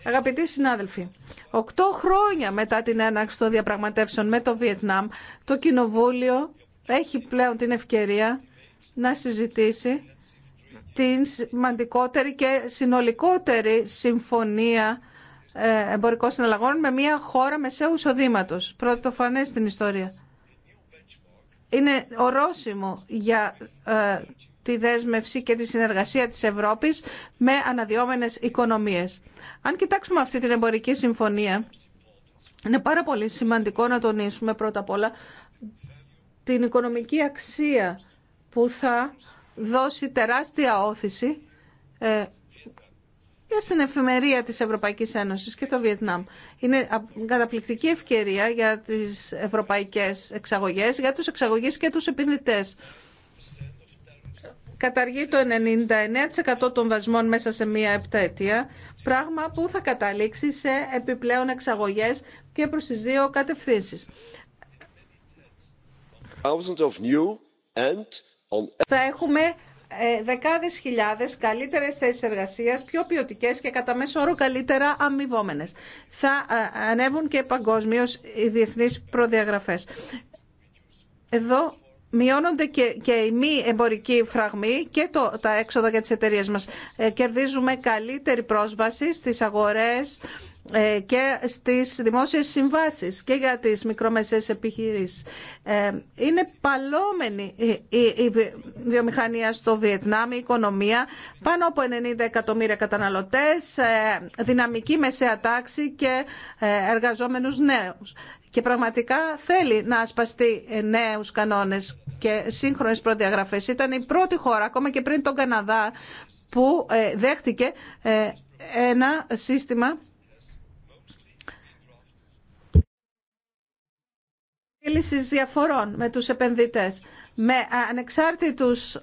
Αγαπητοί συνάδελφοι, οκτώ χρόνια μετά την έναρξη των διαπραγματεύσεων με το Βιετνάμ, το Κοινοβούλιο έχει πλέον την ευκαιρία να συζητήσει την σημαντικότερη και συνολικότερη συμφωνία ε, εμπορικών συναλλαγών με μια χώρα μεσαίου το Πρωτοφανέ στην ιστορία. Είναι ορόσημο για ε, τη δέσμευση και τη συνεργασία της Ευρώπης με αναδυόμενες οικονομίες. Αν κοιτάξουμε αυτή την εμπορική συμφωνία, είναι πάρα πολύ σημαντικό να τονίσουμε πρώτα απ' όλα την οικονομική αξία που θα δώσει τεράστια όθηση ε, για στην εφημερία της Ευρωπαϊκής Ένωσης και το Βιετνάμ. Είναι καταπληκτική ευκαιρία για τις ευρωπαϊκές εξαγωγές, για τους εξαγωγείς και τους επενδυτές καταργεί το 99% των δασμών μέσα σε μία επταετία, πράγμα που θα καταλήξει σε επιπλέον εξαγωγές και προς τις δύο κατευθύνσεις. Θα έχουμε ε, δεκάδες χιλιάδες καλύτερες θέσεις εργασίας, πιο ποιοτικέ και κατά μέσο όρο καλύτερα αμοιβόμενες. Θα ε, ανέβουν και παγκόσμιως οι διεθνείς προδιαγραφές. Εδώ μειώνονται και, και οι μη εμπορικοί φραγμοί και το, τα έξοδα για τις εταιρείες μας. Ε, κερδίζουμε καλύτερη πρόσβαση στις αγορές ε, και στις δημόσιες συμβάσεις και για τις μικρομεσαίες επιχειρήσεις. Ε, είναι παλόμενη η βιομηχανία στο Βιετνάμ, η οικονομία, πάνω από 90 εκατομμύρια καταναλωτές, δυναμική μεσαία τάξη και εργαζόμενους νέους και πραγματικά θέλει να ασπαστεί ε, νέους κανόνες και σύγχρονες προδιαγραφές. Ήταν η πρώτη χώρα, ακόμα και πριν τον Καναδά, που ε, δέχτηκε ε, ένα σύστημα λύσεις διαφορών με τους επενδυτές, με ανεξάρτητους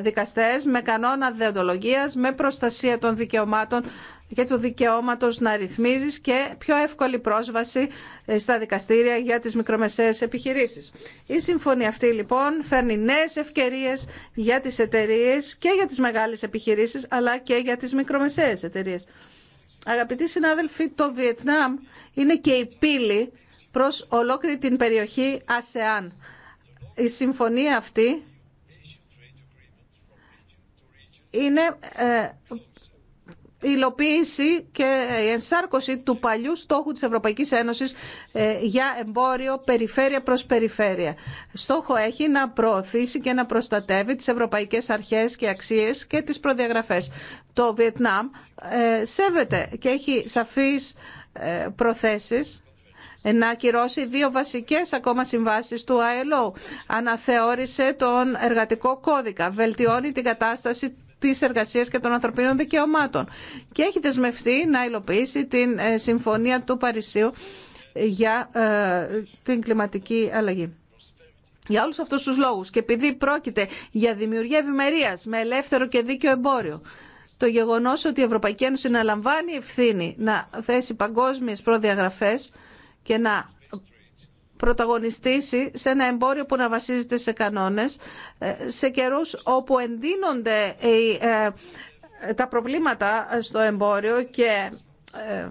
δικαστές, με κανόνα δεοντολογίας, με προστασία των δικαιωμάτων και του δικαιώματος να ρυθμίζεις και πιο εύκολη πρόσβαση ε, στα δικαστήρια για τις μικρομεσαίες επιχειρήσεις. Η συμφωνία αυτή λοιπόν φέρνει νέες ευκαιρίες για τις εταιρείε και για τις μεγάλες επιχειρήσεις αλλά και για τις μικρομεσαίες εταιρείε. Αγαπητοί συνάδελφοι, το Βιετνάμ είναι και η πύλη προς ολόκληρη την περιοχή ΑΣΕΑΝ. Η συμφωνία αυτή είναι ε, υλοποίηση και η ενσάρκωση του παλιού στόχου της Ευρωπαϊκής Ένωσης ε, για εμπόριο περιφέρεια προς περιφέρεια. Στόχο έχει να προωθήσει και να προστατεύει τις ευρωπαϊκές αρχές και αξίες και τις προδιαγραφές. Το Βιετνάμ ε, σέβεται και έχει σαφείς ε, προθέσεις να ακυρώσει δύο βασικές ακόμα συμβάσεις του ΆΕΛΟ. Αναθεώρησε τον εργατικό κώδικα, βελτιώνει την κατάσταση Τη εργασία και των ανθρωπίνων δικαιωμάτων. Και έχει δεσμευτεί να υλοποιήσει την ε, Συμφωνία του Παρισίου για ε, την κλιματική αλλαγή. Για όλους αυτούς τους λόγους και επειδή πρόκειται για δημιουργία ευημερία με ελεύθερο και δίκαιο εμπόριο, το γεγονός ότι η Ευρωπαϊκή Ένωση να λαμβάνει ευθύνη να θέσει παγκόσμιες προδιαγραφές και να πρωταγωνιστήσει σε ένα εμπόριο που να βασίζεται σε κανόνες ε, σε καιρούς όπου ενδύνονται ε, τα προβλήματα στο εμπόριο και ε,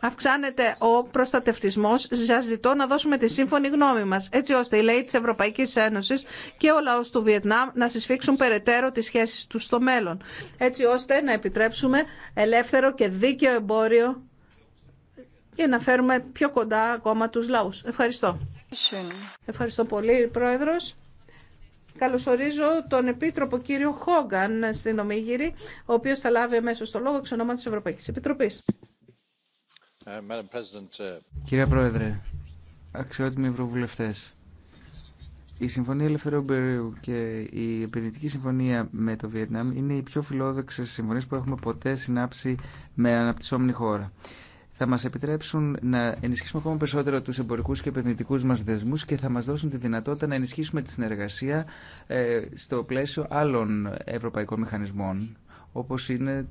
αυξάνεται ο προστατευτισμός. Σα ζητώ να δώσουμε τη σύμφωνη γνώμη μας, έτσι ώστε οι λαοί της Ευρωπαϊκής Ένωσης και ο λαός του Βιετνάμ να συσφίξουν περαιτέρω τις σχέσεις τους στο μέλλον, έτσι ώστε να επιτρέψουμε ελεύθερο και δίκαιο εμπόριο για να φέρουμε πιο κοντά ακόμα τους λαούς. Ευχαριστώ. Ευχαριστώ πολύ, Πρόεδρος. Καλωσορίζω τον Επίτροπο κύριο Χόγκαν στην Ομίγυρη, ο οποίος θα λάβει αμέσω το λόγο εξ ονόματος της Ευρωπαϊκής Επιτροπής. Ε, ε, Κυρία Πρόεδρε, αξιότιμοι ευρωβουλευτές, η Συμφωνία Ελευθερών Περίου και η Επενδυτική Συμφωνία με το Βιετνάμ είναι οι πιο φιλόδοξες συμφωνίε που έχουμε ποτέ συνάψει με αναπτυσσόμενη χώρα θα μας επιτρέψουν να ενισχύσουμε ακόμα περισσότερο τους εμπορικούς και επενδυτικούς μας δεσμούς και θα μας δώσουν τη δυνατότητα να ενισχύσουμε τη συνεργασία ε, στο πλαίσιο άλλων ευρωπαϊκών μηχανισμών, όπως είναι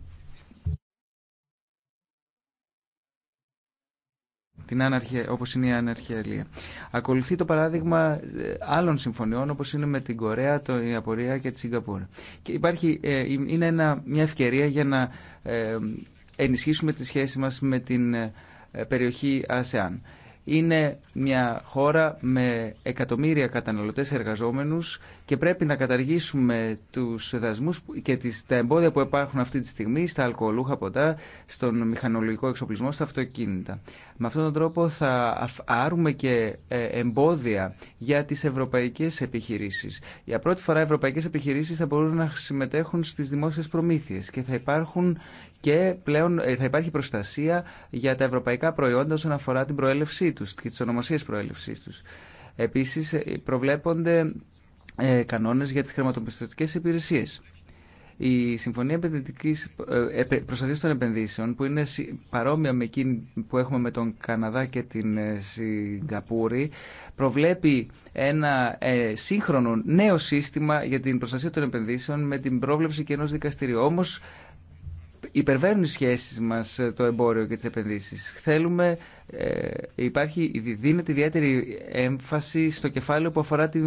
την άναρχια, όπως είναι η αναρχιαλία. Ακολουθεί το παράδειγμα ε, άλλων συμφωνιών όπως είναι με την Κορέα, το Ιαπωνία και τη Σιγκαπούρη. Και υπάρχει, ε, είναι μια ευκαιρία για να ενισχύσουμε τη σχέση μας με την ε, περιοχή ΑΣΕΑΝ. Είναι μια χώρα με εκατομμύρια καταναλωτές εργαζόμενους και πρέπει να καταργήσουμε τους δασμούς και τις, τα εμπόδια που υπάρχουν αυτή τη στιγμή στα αλκοολούχα ποτά, στον μηχανολογικό εξοπλισμό, στα αυτοκίνητα. Με αυτόν τον τρόπο θα άρουμε και ε, εμπόδια για τις ευρωπαϊκές επιχειρήσεις. Για πρώτη φορά ευρωπαϊκές επιχειρήσεις θα μπορούν να συμμετέχουν στις δημόσιες προμήθειες και θα υπάρχουν και πλέον ε, θα υπάρχει προστασία για τα ευρωπαϊκά προϊόντα όσον αφορά την προέλευσή τους και τις ονομασίες προέλευσής τους. Επίσης ε, προβλέπονται ε, κανόνες για τις χρηματοπιστωτικές υπηρεσίες. Η Συμφωνία Προστασία των Επενδύσεων, που είναι παρόμοια με εκείνη που έχουμε με τον Καναδά και την Σιγκαπούρη, προβλέπει ένα σύγχρονο νέο σύστημα για την προστασία των επενδύσεων με την πρόβλεψη και ενός δικαστηρίου. Όμως υπερβαίνουν οι σχέσεις μας ε, το εμπόριο και τις επενδύσεις. Θέλουμε, ε, υπάρχει, δίνεται ιδιαίτερη έμφαση στο κεφάλαιο που αφορά την